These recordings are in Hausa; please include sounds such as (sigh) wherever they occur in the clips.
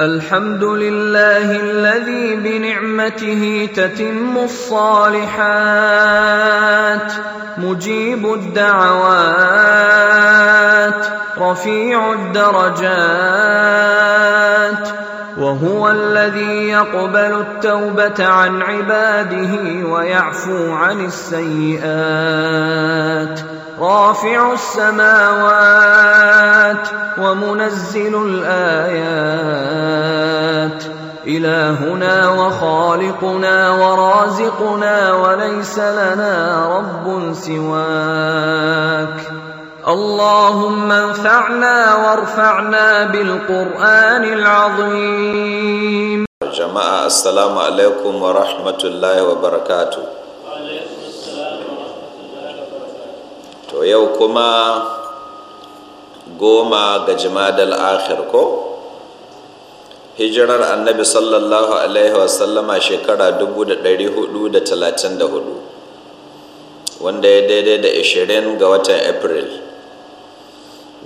الحمد لله الذي بنعمته تتم الصالحات مجيب الدعوات رفيع الدرجات وهو الذي يقبل التوبه عن عباده ويعفو عن السيئات رافع السماوات ومنزل الايات الهنا وخالقنا ورازقنا وليس لنا رب سواك اللهم انفعنا وارفعنا بالقران العظيم جماعه السلام عليكم ورحمه الله وبركاته to yau kuma goma ga jimadal akhir ko hijirar annabi sallallahu alaihi wasallama shekara 434 wanda ya daidai da 20 ga watan april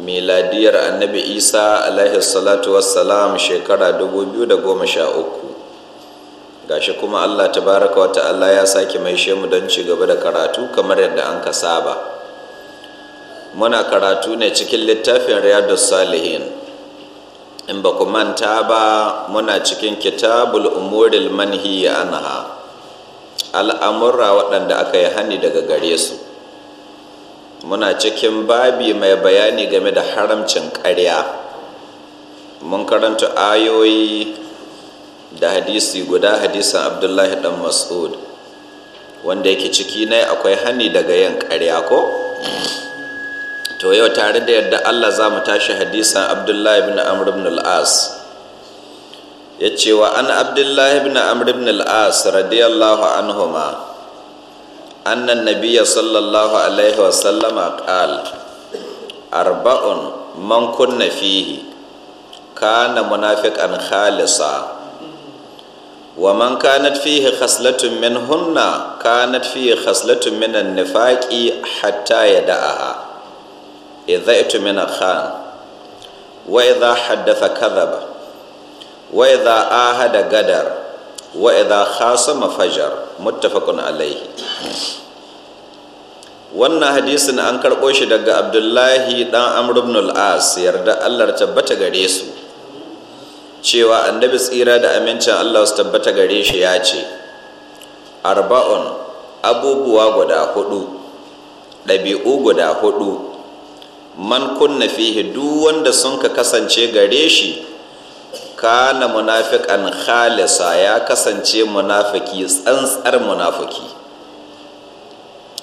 miladiyar annabi isa alaihi salatu wassalam shekara 2013 gashi kuma allah tabaraka wata Allah) ya sake mai shemu don ci gaba da karatu kamar yadda an ka saba muna karatu ne cikin littafin riyadus salihin in ba ku manta ba muna cikin kitabul umuril manhiya anha al'amurra waɗanda aka yi hani daga gare su muna cikin babi mai bayani game da haramcin ƙarya mun karanta ayoyi da hadisi guda hadisan abdullahi dan mas'ud wanda yake ciki na akwai hani daga yin karya, ko to yau tare da yadda Allah za mu tashi hadisan Abdullahi ibn Amr ibn al-As ya ce wa an Abdullahi ibn Amr ibn al-As radiyallahu anhuma annan nabiyya sallallahu alaihi wa sallama qal arba'un man kunna fihi kana munafiqan khalisa wa man kanat fihi khaslatun minhunna kanat fihi khaslatun minan nifaqi hatta yada'aha idza itmina khan wa idza haddatha kadhaba wa idza ahada gadar wa idza khasama fajar muttafaqun alaihi wannan hadisin an karɓo shi daga abdullahi ɗan amr ibn al-as yarda Allah tabbata gare su cewa annabi tsira da amincin Allah su tabbata gare shi ya ce arba'un abubuwa guda hudu ɗabi'u guda hudu man kunna fihi duk wanda sun ka kasance gare shi kana munafiqan khalisa ya kasance munafiki tsantsar munafiki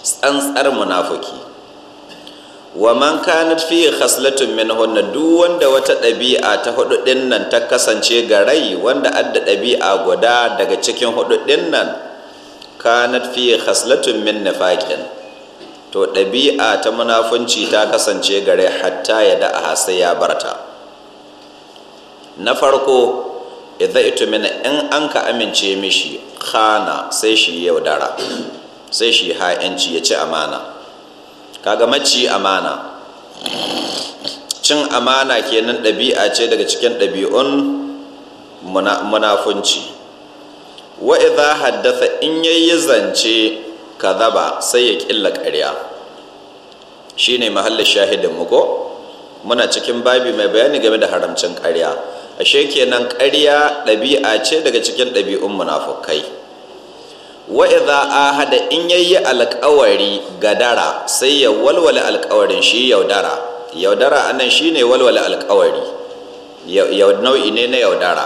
tsantsar munafiki wa man kanat khaslatun minhunna duk wanda wata ɗabi'a ta hudu nan ta kasance ga rai wanda adda ɗabi'a guda daga cikin hudu nan kana fi khaslatun min nifaqin to ɗabi'a ta munafunci ta kasance gare hatta ya da a sai ya barta na farko idan ito mina in an ka amince mishi khana sai shi yaudara sai shi ha'inci ya ci amana kaga maci amana cin amana kenan ɗabi'a ce daga cikin ɗabi'un munafunci wa idan haddasa in yayi zance kadhaba sai ya killa ƙarya ne mahallin shahidin mu ko muna cikin babi mai bayani game da haramcin ƙarya ashe kenan ƙarya ɗabi'a ce daga cikin ɗabi'un munafukai Wa'iza A hada in yayi alƙawari dara sai ya walwale alƙawarin shi yaudara yaudara anan ne walwala alƙawari nau'i ne na yaudara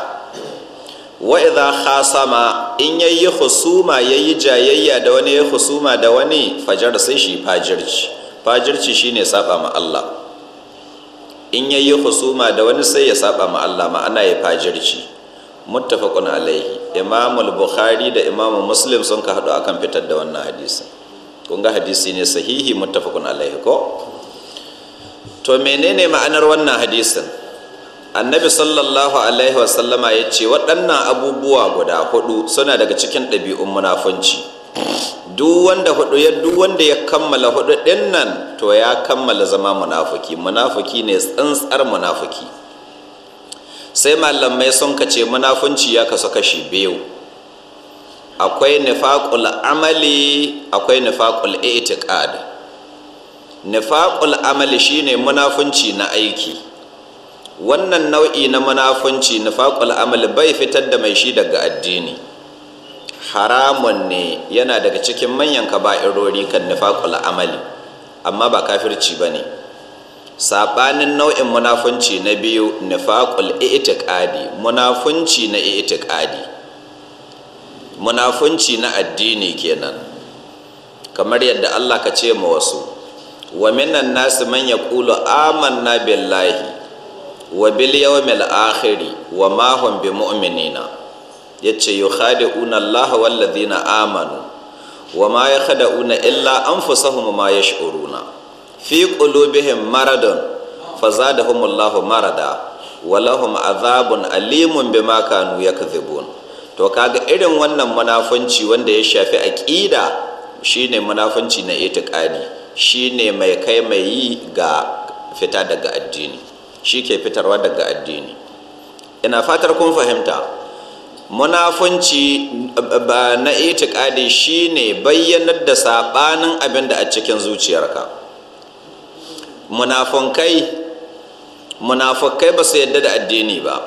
Wa'iza idza khasama in yayi husuma yayi jayayya da wani ya husuma da wani fajar sai shi fajirci fajirci shine saba ma Allah in yayi husuma da wani sai ya saba ma Allah ma'ana ya fajirci muttafaqun alaihi imam al-bukhari da imam muslim sun ka hadu akan fitar da wannan hadisi kun ga hadisi ne sahihi muttafaqun alaihi ko to menene ma'anar wannan hadisin annabi sallallahu alaihi wasallama ya ce waɗannan abubuwa guda hudu suna daga cikin ɗabi'un munafunci duk wanda hudu ya duk wanda ya kammala hudu ɗin nan to ya kammala zama munafuki munafuki ne tsantsar munafuki sai malamai sun kace munafunci ya kasu kashi biyu akwai nifaqul amali akwai nifaqul i'tiqad nifaqul amali shine munafunci na aiki wannan nau'i na munafunci nufaqul amal bai fitar da mai shi daga addini haramun ne yana daga cikin manyan kaba'irori kan nufaqul amali amma ba kafirci bane sabanin nau'in munafunci na biyu nufaqul i'tiqadi munafunci na i'tiqadi munafunci na addini kenan kamar yadda Allah ka ce ma wasu wa minan nasu man yaqulu amanna billahi wa bil yawmil akhiri wa ma hum bi mu'minina yace yukhadi'una Allah wal ladina amanu wa ma una illa anfusahum ma yash'uruna fi qulubihim maradun fazadahum Allahu marada wa lahum azabun alimun bima kanu yakdhibun to kaga irin wannan munafunci wanda ya shafi aqida shine munafunci na itiqadi shine mai kai mai yi ga fita daga addini shi ke fitarwa daga addini ina fatar kun fahimta munafunci ba na itikadi shine bayyanar da sabanin abin da a cikin zuciyarka munafunkai munafukai ba su yadda da addini ba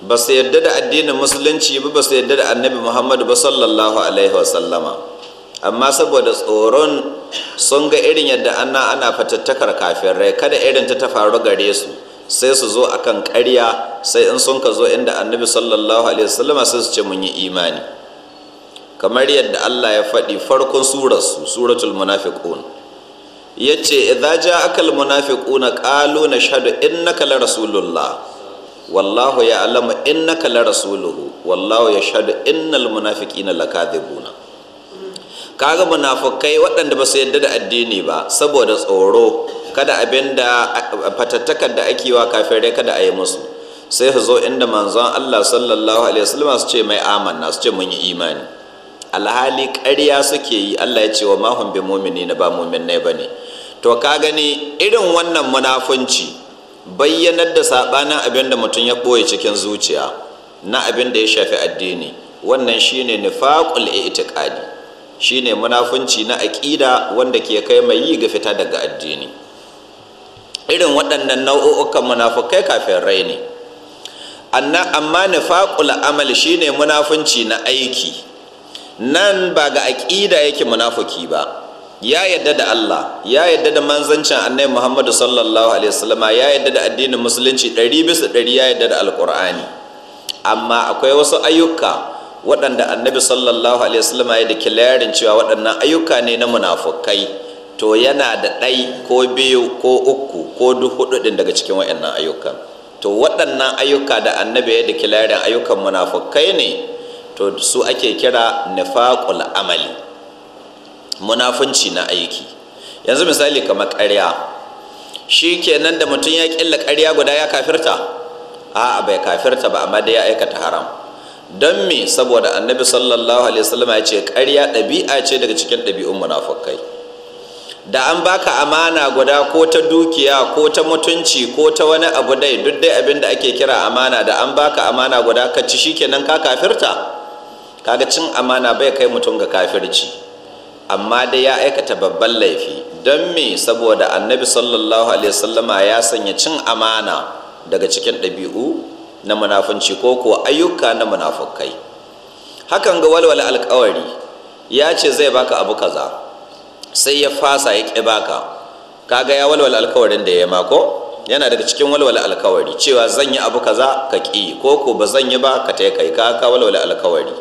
ba su yadda da addinin musulunci ba ba su yadda da annabi muhammadu ba sallallahu alaihi wasallama amma saboda tsoron sun ga irin yadda ana ana fatattakar kafin rai kada irin ta ta faru gare su sai su zo akan ƙarya sai in sun ka zo inda annabi sallallahu alaihi wasallam sai su ce mun yi imani kamar yadda Allah ya faɗi farkon surar su suratul munafiqun yace idza ja'akal munafiquna qalu nashhadu innaka la rasulullah wallahu ya'lamu innaka la rasuluhu wallahu yashhadu innal munafiqina lakadhibuna kaga munafukai waɗanda ba su yadda da addini ba saboda tsoro kada abin da fatattakar da ake wa kafirai kada a yi musu sai su zo inda manzon Allah sallallahu alaihi wasallam su ce mai amanna su ce mun yi imani alhali ƙarya suke yi Allah ya ce wa mahun bi na ba mu'minnai bane to ka gani irin wannan munafunci bayyanar da sabanin abin da mutum ya boye cikin zuciya na abin da ya shafi addini wannan shine nifaqul i'tiqadi shine munafunci na aƙida wanda ke kai mai yi ga fita daga addini irin waɗannan nau'ukan munafukai kafin rai ne amma nifaqul amal shine munafunci na aiki nan ba ga aƙida yake munafuki ba ya yadda da Allah ya yadda da manzancin annabi Muhammadu sallallahu alaihi wasallama ya yadda da addinin musulunci ɗari bisa ɗari ya yadda da alƙur'ani amma akwai wasu ayyuka waɗanda annabi sallallahu alaihi wasallama ya da kilayarin cewa waɗannan ayyuka ne na munafukai to yana da ɗai ko biyu ko uku ko duk hudu ɗin daga cikin wa'annan ayyukan to waɗannan ayyuka da annabi ya dikilarin ayyukan munafukai ne to su ake kira nifaqul amali munafunci na aiki yanzu misali kamar ƙarya shi kenan da mutum ya ƙilla ƙarya guda ya kafirta a'a bai kafirta ba amma dai ya aikata haram don me saboda annabi sallallahu alaihi wasallam ya ce ƙarya ɗabi'a ce daga cikin ɗabi'un munafukai da an baka amana guda ko ta dukiya ko ta mutunci ko ta wani abu dai duk dai abin da ake kira amana da an baka amana guda ka ci shikenan ka kafirta kaga cin amana bai kai mutum ga kafirci amma dai ya aikata babban laifi don me saboda annabi sallallahu alaihi wasallama ya sanya cin amana daga cikin ɗabi'u na munafunci ko ko ayyuka na munafukai hakan ga walwala alkawari ya ce zai baka abu kaza sai ya fasa ya ƙi baka kaga ya walwala alkawarin da ya mako yana daga cikin walwala alkawari cewa zan yi abu kaza ka ƙi ko ko ba zan yi ba ka ta kai ka ka walwala alkawari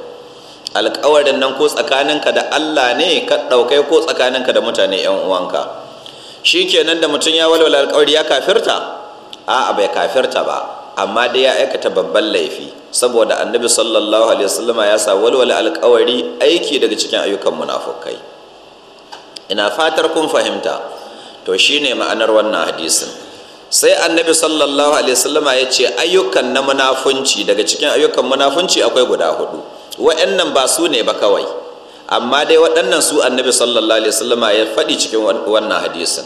alkawarin nan ko tsakanin ka da Allah ne ka ɗaukai ko ka da mutane yan uwanka shi nan da mutum ya walwala alkawari ya kafirta a'a bai kafirta ba amma dai ya aikata babban laifi saboda annabi sallallahu alaihi wasallama ya sa walwala alkawari aiki daga cikin ayyukan munafukai ina fatar kun fahimta to shine ma'anar wannan hadisin sai annabi sallallahu alaihi wasallama ya ce ayyukan na munafunci daga cikin ayyukan munafunci akwai guda hudu wa'annan ba su ne ba kawai amma dai waɗannan su annabi sallallahu alaihi wasallama ya faɗi cikin wannan hadisin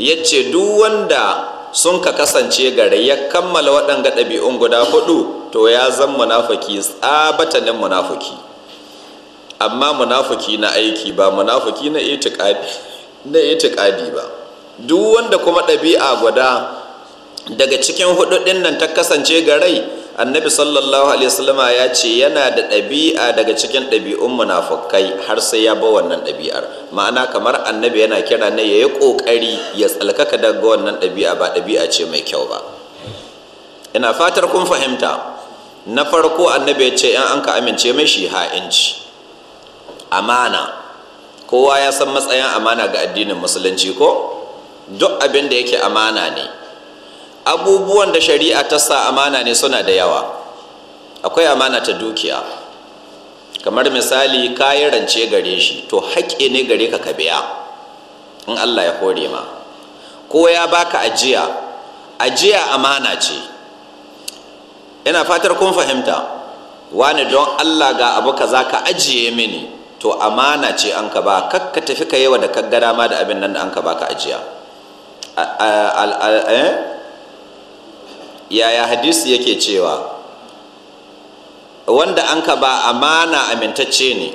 ya ce duk wanda sun ka kasance gare ya kammala waɗanga ɗabi'un guda hudu to ya zan munafuki tsabatanin munafuki. amma munafuki na aiki ba munafiki na itikadi ba duk wanda kuma ɗabi'a guda daga cikin hududin nan ta kasance ga rai annabi sallallahu alaihi wasallam ya ce yana da ɗabi'a daga cikin ɗabi'un munafukai har sai ya ba wannan ɗabi'ar ma'ana kamar annabi yana kira ne ya yi ƙoƙari ya tsalkaka daga wannan ɗabi'a ba ɗabi'a ce mai kyau ba ina fatar kun fahimta na farko annabi ya ce in an ka amince mai shi ha'inci amana kowa ya san matsayin amana ga addinin musulunci ko duk abin da yake amana ne abubuwan da shari'a ta sa amana ne suna da yawa akwai amana ta dukiya kamar misali kayan rance gare shi to haƙƙi ne gare ka biya in allah ya hore ma ko ya baka ajiya ajiya amana ce yana fatar kun fahimta wani don allah ga abu ka za ka ajiye mini to amana ce an ka ba kakka tafi ka yawa da kaggara ma da abin nan da an ka baka ajiya eh? yaya hadisi yake cewa wanda an ka ba amana amintacce ne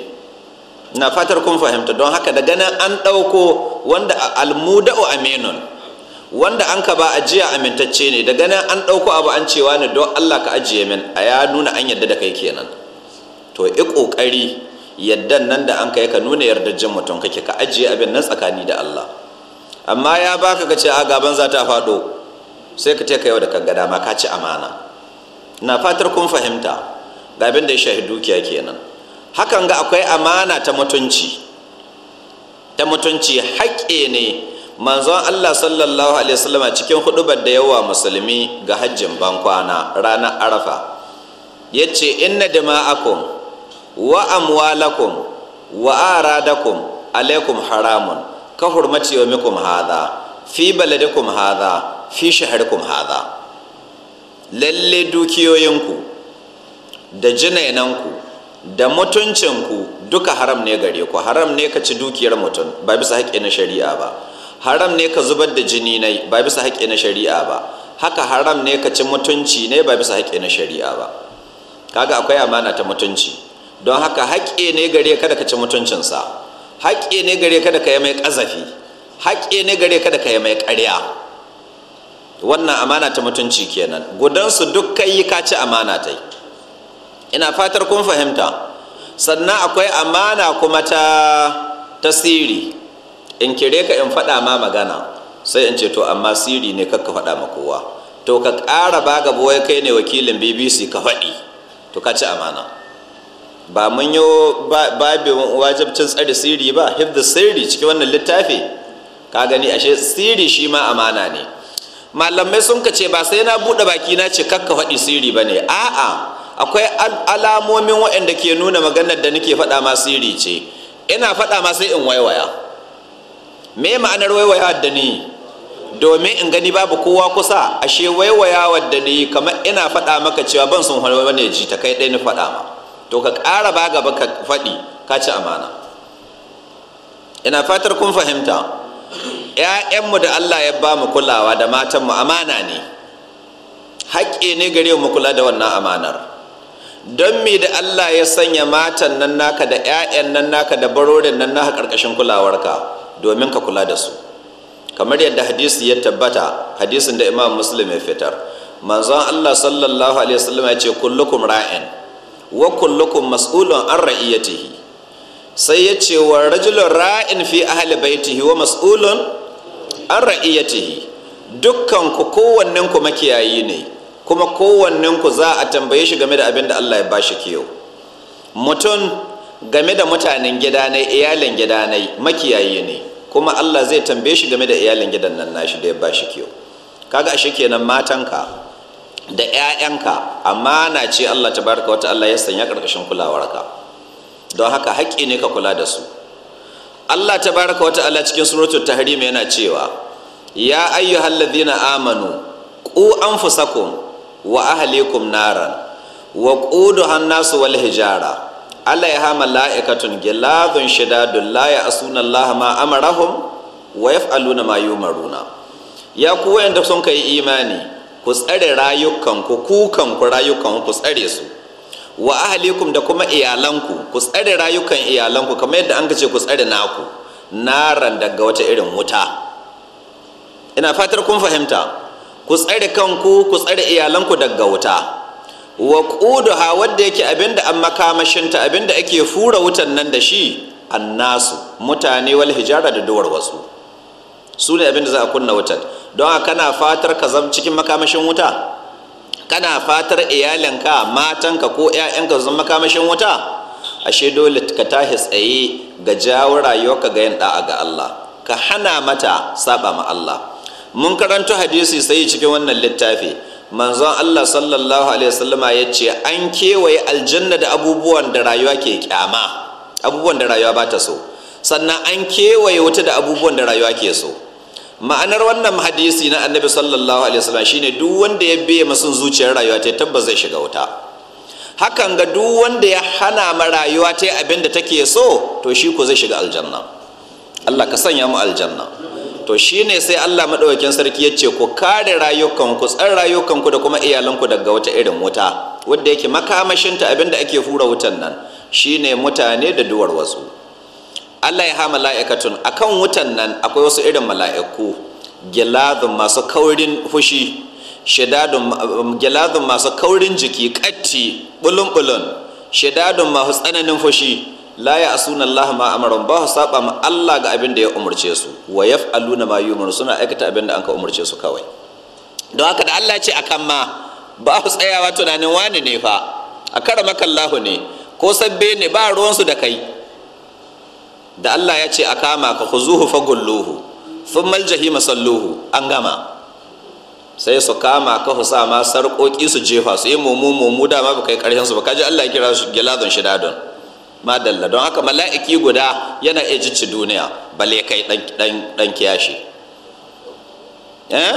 na fatar kun fahimta don haka da ganin an ɗauko wanda almuda'u aminun wanda an ka ba ajiya amintacce ne da ganin an ɗauko abu an cewa ne don allah ka ajiye min a ya nuna an yadda da kai kenan to i ƙoƙari yaddan nan da an kai ka nuna yarda jin mutum kake ka ajiye abin nan tsakani da Allah amma ya baka ka ce a gaban za ta faɗo sai ka teka yau da kan gada ma ka ci amana na fatar kun fahimta ga abin da ya shahi dukiya kenan hakan ga akwai amana ta mutunci ta mutunci haƙƙe ne manzon Allah sallallahu alaihi wasallama cikin hudubar da yawa musulmi ga hajjin bankwana ranar arafa yace inna dama'akum wa amwalakum wa aradakum alaikum haramun ka hurmaci mikum hadha fi baladikum hadha fi shaharikum hadha lalle dukiyoyinku da jinainanku da mutuncinku duka haram ne gare ku haram ne ka ci dukiyar mutum ba bisa haƙƙi na shari'a ba haram ne ka zubar da jini ne ba bisa haƙƙi na shari'a ba haka haram ne ka ci mutunci ne ba bisa haƙƙi na shari'a ba kaga akwai amana ta mutunci don haka haƙƙe ne gare kada ka ci mutuncinsa haƙƙe ne gare kada ka yi mai ƙazafi haƙƙe ne gare kada ka yi mai ƙarya wannan amana ta mutunci kenan gudansu duk kai yi ka amana ta ina fatar kun fahimta sannan akwai amana kuma ta tasiri in kire ka in faɗa ma magana sai in ce to amma siri ne kakka faɗa ma kowa to ka ƙara ba gaba wai kai ne wakilin bbc ka faɗi to ka ci amana ba mun yi babin wajabcin tsari sirri ba hifdhi sirri cikin wannan littafi ka gani ashe sirri shi ma amana ne malamai sun ka ce ba sai na buɗe baki na ce kakka faɗi sirri ba ne a'a akwai alamomin waɗanda ke nuna maganar da nake faɗa ma sirri ce ina faɗa ma sai in waiwaya me ma'anar waiwaya da ni domin in gani babu kowa kusa ashe waiwaya da ni kamar ina faɗa maka cewa ban sun wani ji ta kai ɗaya ni faɗa ma to ka ƙara ba gaba ka faɗi ka ci amana ina fatar kun fahimta ‘ya'yanmu da Allah ya ba mu kulawa da matanmu amana ne haƙƙi ne gare mu kula da wannan amanar don me da Allah ya sanya matan nan naka da ‘ya'yan nan naka da barorin nan naka ƙarƙashin kulawarka domin ka kula da su kamar yadda hadisi ya tabbata hadisin da imam muslim ya fitar manzon Allah sallallahu alaihi wasallam ya ce kullukum ra'in wa kullukum mas'ulun an ra'iyatihi sai ya ce wa rajulun ra'in fi ahli baitihi wa mas'ulun an ra'iyatihi dukkan ku kowannen ku makiyayi ne kuma kowannen ku za a tambaye shi game da abin da Allah ya bashi kiyo mutum game da mutanen gida ne iyalin gida ne makiyayi ne kuma Allah zai tambaye shi game da iyalin gidan nan nashi da ya bashi kiyo kaga ashe kenan matanka da 'ya'yanka na ce Allah baraka wata Allah ya sanya karkashin kulawarka don haka haƙƙi ne ka kula da su Allah ta baraka wata Allah cikin suratul tahrim yana cewa ya ayyu ayyuhallazina amanu an fusakun wa ahlikum naran wa ƙudu hannasu wal hijara alaiha mala'ikatun giladun shidadun la ya'suna Allah ma amarahum wa yaf'aluna ma ya ku wanda sun kai imani ku tsare rayukanku kukanku rayukanku ku tsare su wa ahlikum da kuma iyalanku ku tsare rayukan iyalanku kamar yadda an ce ku tsare naku naran daga wata irin wuta ina fatar kun fahimta ku tsare kanku ku tsare iyalanku daga wuta wa quduha wanda yake abinda an makamashinta abinda ake fura wutan nan da shi annasu mutane wal hijara da duwar wasu su ne abinda za a kunna wutan don a kana fatar ka zama cikin makamashin wuta kana fatar iyalinka matanka ko 'ya'yanka su zama makamashin wuta ashe dole ka tahi tsaye ga jawo rayuwarka ga yin da'a ga Allah ka hana mata saba ma Allah mun karanta hadisi sai cikin wannan littafi manzon Allah sallallahu alaihi wasallama ya ce an kewaye aljanna da abubuwan da rayuwa ke kyama abubuwan da rayuwa ba ta so sannan an kewaye wuta da abubuwan da rayuwa ke so ma'anar wannan hadisi na annabi sallallahu alaihi wasallam shine duk wanda ya biye masun zuciyar rayuwa ta tabbas zai shiga wuta hakan ga duk wanda ya hana ma rayuwa ta abin da take so to shi ko zai shiga aljanna Allah ka sanya mu aljanna to shine sai Allah madaukakin sarki yace ku kare rayukanku tsar rayukanku da kuma iyalanku daga wata irin wuta wanda yake makamashinta abin da ake hura wutan nan shine mutane da duwar wasu Allah ya ha mala'ikatun kan wutan nan akwai wasu irin mala'iku Gilazin masu kaurin fushi shidadun um, masu kaurin jiki ƙatti, bulun bulun shidadun masu tsananin fushi la ya asuna Allah ma amaran ba su saba ma Allah ga abin da ya umarce su wa ya yaf'aluna ma yumar suna aikata abin da an ka umarce su kawai don haka da Allah ce akan ma ba su tsayawa tunanin wani ne fa a kara makallahu ne ko sabbe ne ba ruwansu da kai da Allah ya ce a kama ka luhu sun thumma aljahima salluhu an gama sai su kama ka husa ma sarƙoƙi su jefa su eh, yi mumu mumu da ma baka yi ƙarshen su ba kaji Allah ya kira su gilazon shidadon madalla don haka mala'iki guda yana iya jicci duniya bale kai dan kiyashi eh?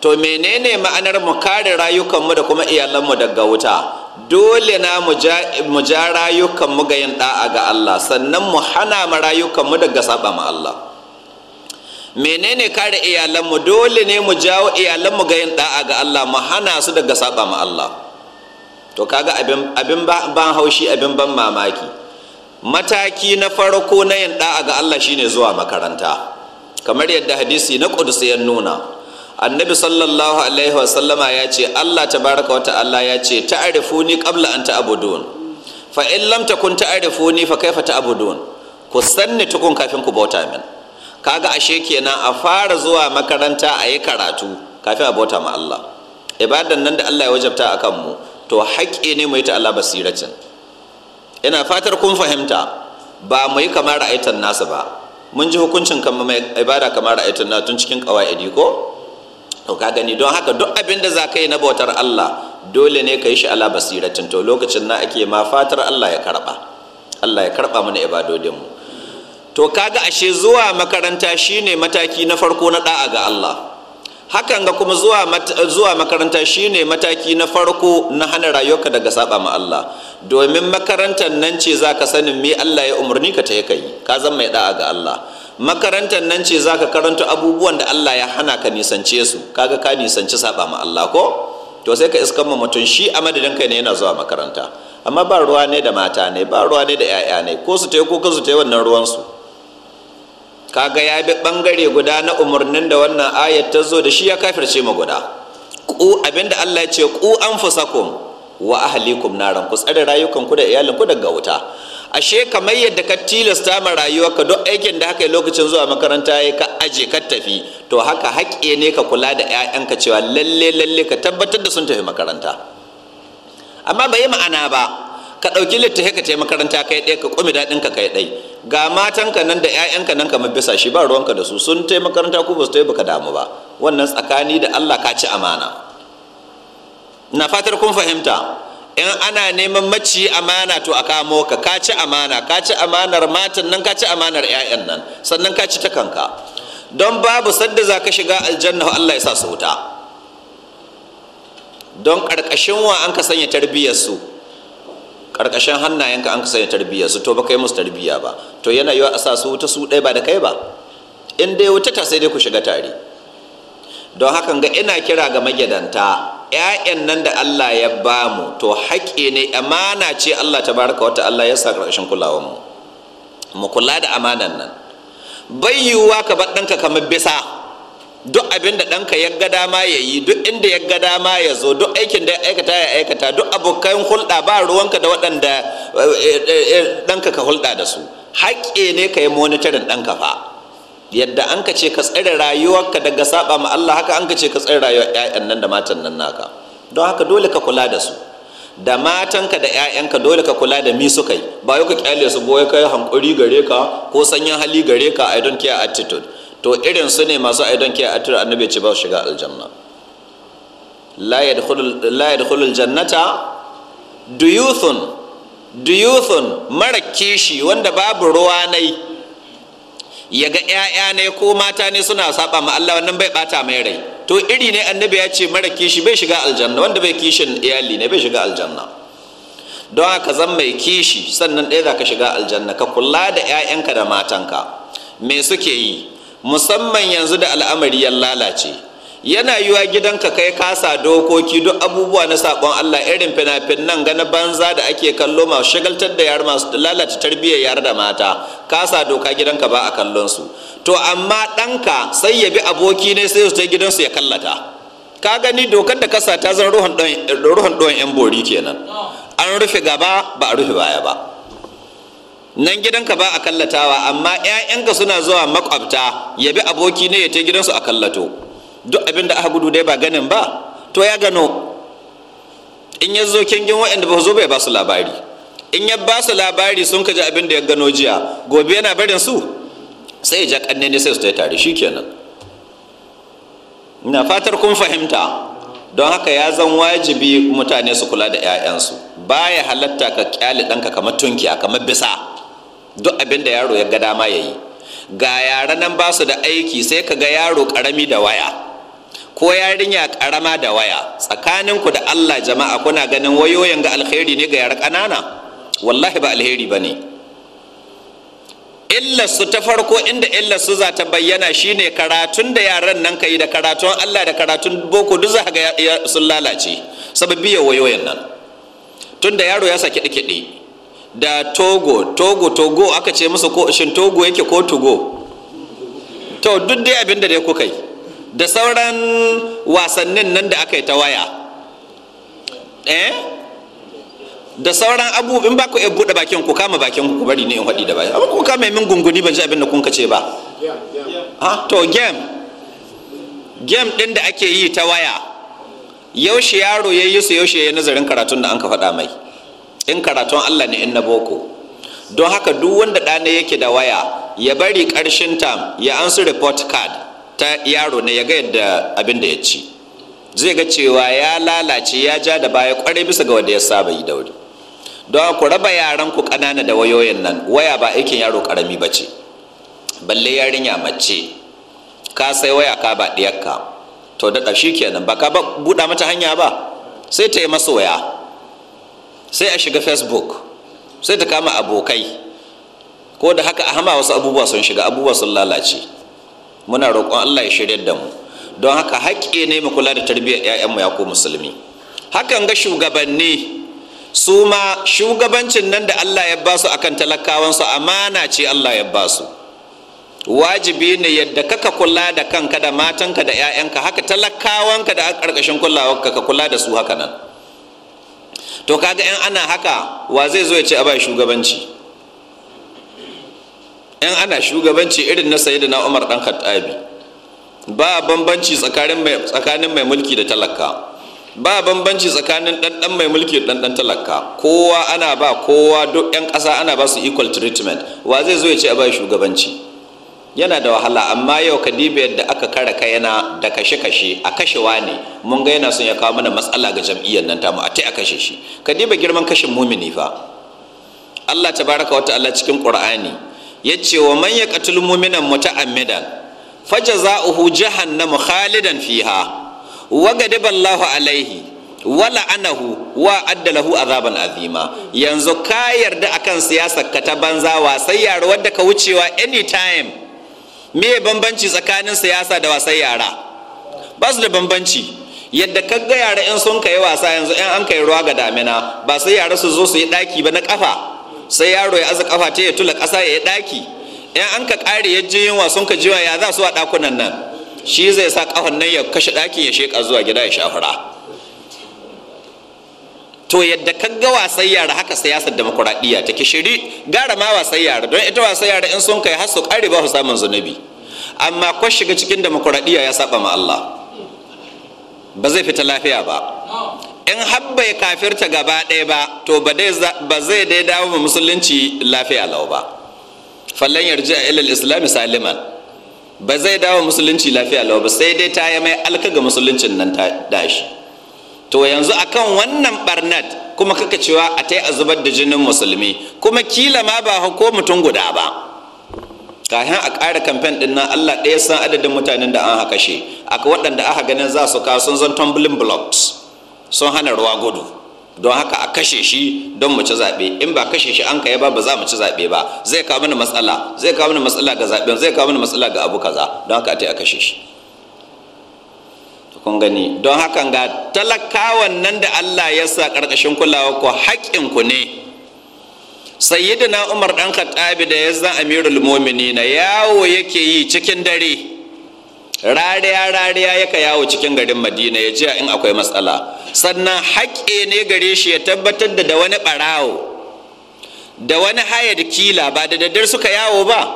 to menene ma'anar mu kare rayukanmu da kuma iyalanmu daga wuta dole na mu ja rayukan mu ga yin da'a ga Allah sannan mu hana mu rayukan mu daga saba ma Allah menene kare iyalan mu dole ne mu jawo iyalan mu ga yin da'a ga Allah mu hana su daga saba ma Allah to kaga abin abin ban haushi abin ban mamaki mataki na farko na yin da'a ga Allah shine zuwa makaranta kamar yadda hadisi na qudsi ya nuna annabi sallallahu alaihi wasallama ya ce allah tabaraka wa ta'ala ya ce ta'arifuni qabla an ta'budun fa in lam takun ta'arifuni fa kaifa ta'budun ku sanni tukun kafin ku bauta min kaga ashe kenan a fara zuwa makaranta a yi karatu kafin a bauta ma allah ibadan nan da allah ya wajabta a kanmu to haƙƙi ne mu yi ta allah basiracin ina fatar kun fahimta ba mu yi kamar ra'aitan nasu ba mun ji hukuncin kan mai ibada kamar ra'aitan nasu tun cikin ƙawa'idi ko to ka gani don haka duk abin da za ka yi na bautar Allah dole ne ka yi shi ala basiratin to lokacin na ake ma fatar Allah ya karba Allah ya karba mana ibadodinmu to kaga ashe zuwa makaranta shine mataki na farko na da'a ga Allah hakan ga kuma zuwa zuwa makaranta shine mataki na farko na hana rayuwarka daga saba ma Allah domin makarantar nan ce zaka sanin me Allah ya umarni ka ta yi ka zan mai da'a ga Allah makarantar nan ce zaka karanta abubuwan da Allah ya hana ka nisance su kaga ka nisanci saba ma Allah ko to sai ka iskan ma mutum shi a madadin kai ne yana zuwa makaranta amma ba ruwa ne da mata ne ba ruwa ne da 'ya'ya ne ko su tai ko ka su tai wannan ruwan su kaga ya bi bangare guda na umarnin da wannan ayat ta zo da shi ya kafirce ma guda ku abinda Allah ya ce ku anfusakum wa ahlikum naran ku tsare ku da iyalin ku daga wuta ashe kamar yadda ka tilasta ma rayuwa ka duk aikin da haka lokacin zuwa makaranta ya ka aje ka tafi to haka haƙƙe ne ka kula da 'ya'yanka cewa lalle lalle ka tabbatar da sun tafi makaranta amma bai ma'ana ba ka ɗauki littafi ka tafi makaranta kai ɗaya ka ƙumi daɗin ka kai ɗai ga matanka nan da 'ya'yanka nan kamar bisa shi ba ruwanka da su sun tafi makaranta ko ba su tafi damu ba wannan tsakani da Allah ka ci amana na fatar kun fahimta in ana neman maci amana to a kamo ka ka ci amana ka ci amanar matan nan ka ci amanar 'ya'yan nan sannan ka ci ta kanka don babu sadda za ka shiga aljanna Allah ya sa su wuta don ƙarƙashin wa an ka sanya tarbiyyarsu ƙarƙashin ka an ka sanya tarbiyyarsu to ba kai musu tarbiyya ba to yana yiwa a sa su wuta su ɗaya ba da kai ba in dai wuta ta sai dai ku shiga tare don hakan ga ina kira ga magidanta 'ya'yan nan da Allah ya ba mu to haƙƙi ne amana ce Allah ta baraka wata Allah ya sa ƙarshen kulawar mu mu kula da amanan nan bai yiwuwa ka bar ɗanka kamar bisa duk abin da ɗanka ya ga dama ya yi duk inda ya ga dama ya zo duk aikin da ya aikata ya aikata duk abokan hulɗa ba ruwanka da waɗanda eh, eh, eh, ɗanka ka hulɗa da su haƙƙi ne ka yi monitorin ɗanka fa yadda an ka ce ka tsare rayuwarka daga saba ma Allah haka an ka ce ka tsare rayuwar ƴaƴan nan da matan nan naka don haka dole ka kula da su da matanka da ya'yanka dole ka kula da mi suka yi ba yau ka kyale su boye kai hankuri gare ka ko sanyin hali gare ka i don't care attitude to irin su ne masu i don't care attitude annabi ce ba su shiga aljanna la yadkhulul la yadkhulul jannata duyuthun duyuthun mara kishi wanda babu ruwa nai ya ga 'ya'ya ne ko mata ne suna saba ma Allah wannan bai bata mai rai to iri ne annabi ya ce mara kishi bai shiga aljanna wanda bai kishin iyali ne bai shiga aljanna don haka zan mai kishi sannan ɗaya za ka shiga aljanna ka kula da 'ya'yanka da matanka me suke yi musamman yanzu da al'amari ya lalace yana yiwa gidanka kai kasa dokoki duk abubuwa na sakon Allah irin fina-finan gana banza da ake kallo masu shigaltar da yar masu lalata tarbiyyar yar da mata kasa doka gidanka ba a kallon su to amma ɗanka sai ya bi aboki ne sai su gidansu ya kallata ka gani dokar da kasa ta zan ruhun don yan bori kenan an rufe gaba ba a rufe baya ba nan gidanka ba a kallatawa amma 'ya'yanka suna zuwa makwabta ya bi aboki ne ya ta gidansu a kallato duk abin da aka gudu dai ba ganin ba to ya gano in ya zo kingin waɗanda ba zo bai ba su labari in ya ba su labari sun kaji abin da ya gano jiya gobe yana barin su sai ya ja kanne ne sai su tai tare kenan ina fatar kun fahimta don haka ya zan wajibi mutane su kula da 'ya'yansu baya halatta ka kyale ɗanka kamar tunkiya kamar bisa duk abin da yaro ya ga dama ya yi ga yara nan ba su da aiki sai ka ga yaro ƙarami da waya ko yarinya karama da waya tsakaninku da Allah jama'a kuna ganin wayoyin ga alheri ne ga yar ƙanana wallahi ba alheri ba ne su ta farko inda illarsu za ta bayyana shine karatun da yaran nan ka yi da karatun Allah da karatun boko duk za ga sun lalace sababi ya wayoyin nan tun yaro ya saki kiɗe kiɗi, da togo togo togo aka ce musu ko shin togo yake ko togo to duk dai abinda da dai kuka yi da sauran wasannin nan da aka yi ta waya eh da sauran abu in ba ku iya buɗe bakin ku kama bakin ku bari ne in haɗi da bayan amma ku kama min gunguni ban ji abin da kun kace ba ha to game game ɗin da ake yi ta waya yaushe yaro ya yi su yaushe ya nazarin karatun da an ka faɗa mai in karatun allah ne in na boko don haka duk wanda ɗana yake da waya ya bari ƙarshen tam ya ansu report card ta yaro ne ya ga yadda abin da ya ci zai ga cewa ya lalace ya ja da baya kwarai bisa ga wanda ya saba yi da wuri don ku raba yaran ku kanana da wayoyin nan waya ba aikin yaro karami ba ce balle yarinya mace ka sai waya ka ba ɗiyarka to da ƙarshe kenan ba ka ba buɗa mata hanya ba sai ta yi masoya sai a shiga facebook sai ta kama abokai ko da haka a hama wasu abubuwa sun shiga abubuwa sun lalace muna roƙon Allah ya shirya da mu don haka haƙƙi ne mu kula da tarbiyyar 'ya'yanmu ya ko musulmi hakan ga shugabanni su ma shugabancin nan da Allah ya basu akan talakawansu amana ce Allah ya basu wajibi ne yadda kaka kula da kanka da matanka da 'ya'yanka haka talakawanka da ƙarƙashin kulawarka ka kula da su haka nan to kaga in ana haka wa zai zo ya ce a bai shugabanci in ana shugabanci irin na na umar dan khattabi ba bambanci tsakanin mai mulki da talaka ba bambanci tsakanin ɗanɗan mai mulki da ɗanɗan talaka kowa ana ba kowa duk yan ƙasa ana ba su equal treatment wa zai zo ya ce a bai shugabanci yana da wahala amma yau kadiba yadda aka kara ka yana da kashe-kashe a kashewa ne mun ga yana son ya kawo mana matsala ga jam'iyyar nan tamu a ta a kashe shi kadiba girman kashin mumini fa Allah ta baraka wa ta'ala cikin Qur'ani yace wa man yaqtul mu'minan muta'ammidan fajaza'uhu na khalidan fiha wa gadi ballahu alaihi wa la'anahu wa addalahu azaban azima yanzu ka yarda akan siyasar ka ta banza wasai yara wadda ka wucewa anytime me bambanci tsakanin siyasa da wasan yara ba su da bambanci yadda ka ga yara in sun kai wasa yanzu in an kai ruwa ga damina ba sai yara su zo su yi daki ba na kafa sai yaro ya aza kafa ta ya tula ƙasa ya yi ɗaki in an ka ƙare ya jin yunwa sun ka jiwa ya za su a ɗakunan nan shi zai sa ƙafan nan ya kashe ɗakin ya sheƙa zuwa gida ya shafura to yadda ka ga wasan yara haka siyasar demokuraɗiyya ki shiri gara ma wasan yara don ita wasan yara in sun kai har su ƙare ba su samun zunubi amma ko shiga cikin demokuraɗiyya ya saba ma Allah ba zai fita lafiya ba in har bai kafirta gaba ɗaya ba to ba zai dai dawo ma musulunci lafiya lau ba fallon yarji a ilil islami saliman ba zai dawo musulunci lafiya lau ba sai dai ta yi mai alka ga musuluncin nan ta dashi to yanzu akan wannan barnat kuma kaka cewa a ta a zubar da jinin musulmi kuma kila ma ba ko mutum guda ba kafin a ƙara kamfen ɗin nan allah ɗaya san adadin mutanen da an haka shi aka waɗanda aka ganin za su kawo sun zan tumbling blocks sun hana ruwa gudu don haka a kashe shi don mu ci zaɓe in ba kashe shi an kai ba ba za mu ci zaɓe ba zai kawo mana matsala zai kawo mana matsala ga zaɓen zai kawo mana matsala ga abu kaza don haka a a kashe shi kun gani don haka ga talakawan nan da Allah ya sa ƙarƙashin kulawa ku haƙƙin ku ne sayyidina Umar dan Khattabi da ya zan Amirul Mu'minin yawo yake yi cikin dare rariya rariya yake yawo cikin garin Madina ya ji in akwai matsala sannan haƙƙe ne gare shi ya tabbatar da wani ɓarawo da wani hayar kila ba da daddare suka yawo ba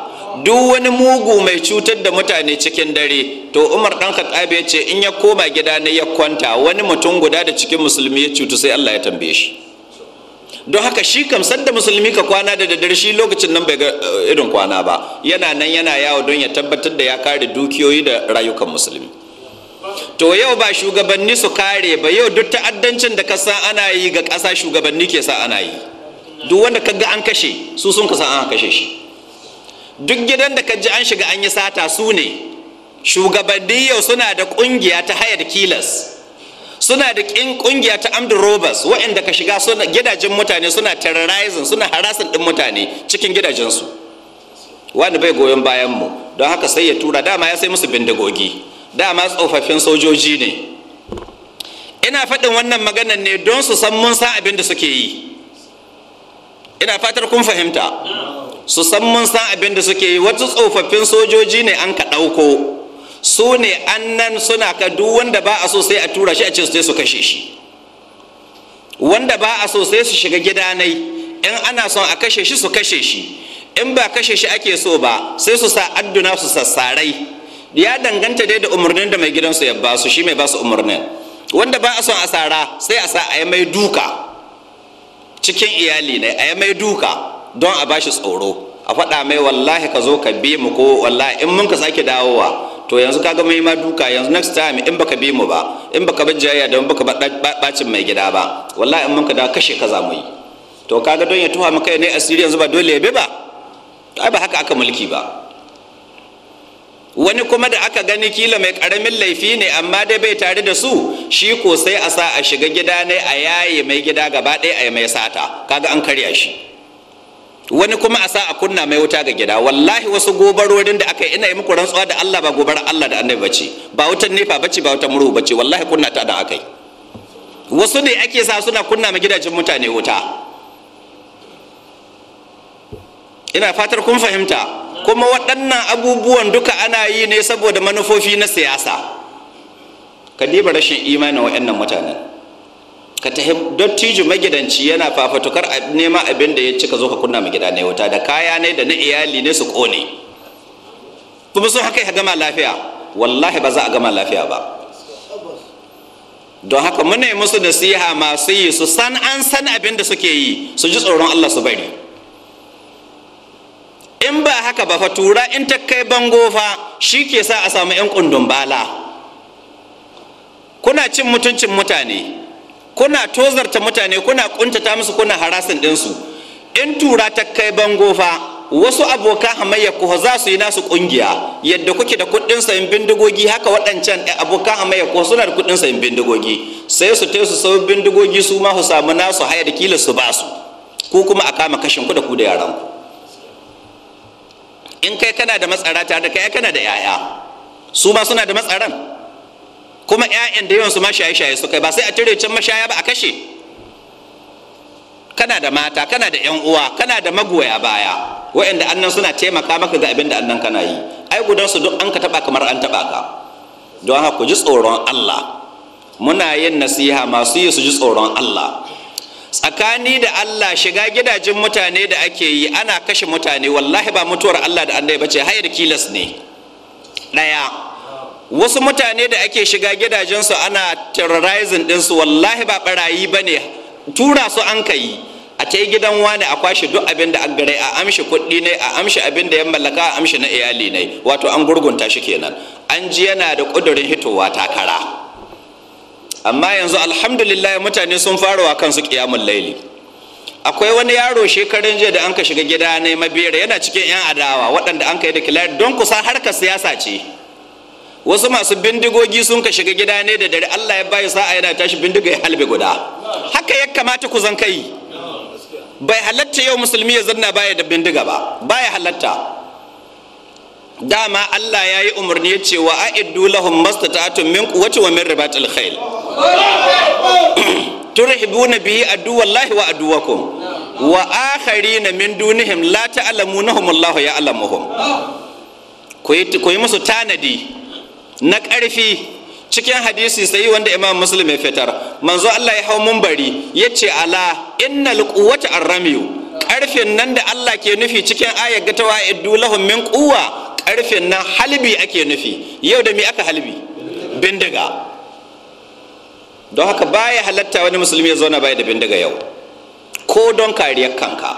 duk wani mugu mai cutar da mutane cikin dare to umar ɗan khattab ce in ya koma gida na ya kwanta wani mutum guda da cikin musulmi ya cutu sai allah ya tambaye shi don haka shi kam da musulmi ka kwana da daddare shi lokacin nan bai ga eh, irin kwana ba yana nan yana yawo don ya tabbatar da ya kare dukiyoyi da rayukan musulmi to yau ba shugabanni su kare ba yau duk ta'addancin da ka san ana yi ga ƙasa shugabanni ke sa ana yi duk wanda ka ga an kashe su sun ka san an kashe shi duk gidan da ka ji an shiga an yi sata su ne shugabanni yau suna da ƙungiya ta hayar kilas suna da ƙin ƙungiya ta amdu robas waɗanda ka shiga gidajen mutane suna terrorizing suna harasin ɗin mutane cikin gidajensu wani bai goyon bayan mu don haka sai ya tura dama ya sai musu bindigogi dama tsofaffin sojoji ne ina faɗin wannan maganan ne don su san mun san abin da suke yi ina fatar kun fahimta su san mun san abin da suke yi wasu tsofaffin sojoji ne an ka ɗauko su ne an nan suna ka duk wanda ba a so sai a tura shi a ce su kashe shi wanda ba a so sai su shiga gidanai in ana son a kashe shi su kashe shi in ba kashe shi ake so ba sai su sa adduna su sassarai ya danganta dai da umarnin da mai gidansu ya ba su shi mai ba su umarnin wanda ba a son a sara sai a sa a yi mai duka cikin iyali ne a yi mai duka don a bashi tsoro a faɗa mai wallahi ka zo ka bi mu ko wallahi in mun ka sake dawowa to yanzu kaga mai ma duka yanzu next time in baka bi mu ba in baka bi jayayya don baka bacin mai gida ba wallahi in mun ka dawo kashe ka za mu yi to kaga don ya tuha maka ne asiri yanzu ba dole ya bi ba ai ba haka aka mulki ba wani kuma da aka gani kila mai karamin laifi ne amma dai bai tare da su shi ko sai a sa a shiga gida ne a yaye mai gida gaba ɗaya a yi mai sata kaga an karya shi wani kuma a sa a kunna mai wuta ga gida wallahi wasu gobarorin da aka yi ina yi muku rantsuwa da Allah ba gobar Allah da annabi bace ba wutan nefa bace ba wutan murhu bace wallahi kunna ta da akai wasu ne ake sa suna kunna mai gidajen mutane wuta ina fatar kun fahimta kuma waɗannan abubuwan duka ana yi ne saboda manufofi na siyasa ka diba rashin imanin waɗannan mutanen ka ta dattijo magidanci yana fafatukar nema abin da ya cika zo ka kunna magida gida ne wuta da kaya ne da na iyali ne su kone kuma sun haka ya gama lafiya wallahi ba za a gama lafiya ba don haka muna yi musu nasiha masu yi su san an san abin da suke yi su ji tsoron Allah su bari haka ba fa tura in ta kai bango fa shi ke sa a samu 'yan kundin bala kuna cin mutuncin mutane kuna tozarta mutane kuna kuntata musu kuna harasin ɗinsu in tura ta kai bango fa wasu abokan hamayya ku za su yi nasu kungiya yadda kuke da kuɗin sayin bindigogi haka waɗancan abokan hamayya ko suna da kuɗin sayin bindigogi sai su te su sau bindigogi su ma su samu nasu haya da kila su ba su ko kuma a kama kashin ku da ku da yaran ku in kai kana da matsara tare da kai kana da yaya su ma suna da matsaran kuma 'ya'yan da yawan su ma shaye-shaye su kai ba sai a cire can mashaya ba a kashe kana da mata kana da yan uwa kana da magoya baya wa'anda annan suna taimaka maka ga abin da annan kana yi ai gudan su duk an ka taba kamar an taba ka don haka ku ji tsoron Allah muna yin nasiha masu yi su ji tsoron Allah tsakani da Allah shiga gidajen mutane da ake yi ana kashe mutane wallahi ba mutuwar Allah da annabi bace hayar kilas ne daya wasu mutane da ake shiga gidajensu ana terrorizing ɗinsu wallahi ba barayi ba ne tura su an ka a ta gidan wani a kwashe duk abin da gare a amshi kuɗi ne a amshi abin da ya mallaka a amshi na iyali ne wato an gurgunta shi kenan an ji yana da ƙudurin hitowa takara amma yanzu alhamdulillah mutane sun farawa kansu kiyamun laili akwai wani yaro shekarun jiya da an ka shiga gida na mabera yana cikin 'yan adawa waɗanda an ka yi da kilayar don kusan harkar siyasa ce wasu masu bindigogi sun ka shiga gida ne da dare allah ya bayi sa'a yana tashi bindiga ya halbe guda haka ya kamata ku zan kai bai halatta yau musulmi ya zanna baya da bindiga ba baya halatta dama Allah ya yi umarni ya ce wa a'iddu lahum mastata'atun min quwwati wa min ribatil khayl (clears throat) turhibuna bihi aduwallahi wa aduwakum wa akharina min dunihim la ta'lamunahum Allah ya'lamuhum ku yi musu tanadi na karfi cikin hadisi sai wanda imam muslim ya fitar manzo Allah ya hau mumbari ya ce ala innal quwwata arramiyu karfin nan da Allah ke nufi cikin ayat gatawa iddu lahum min quwwa karfen nan halbi ake nufi yau da mi aka halibi bindiga don haka baya halatta wani musulmi ya zauna baya da bindiga yau ko don kariyar kanka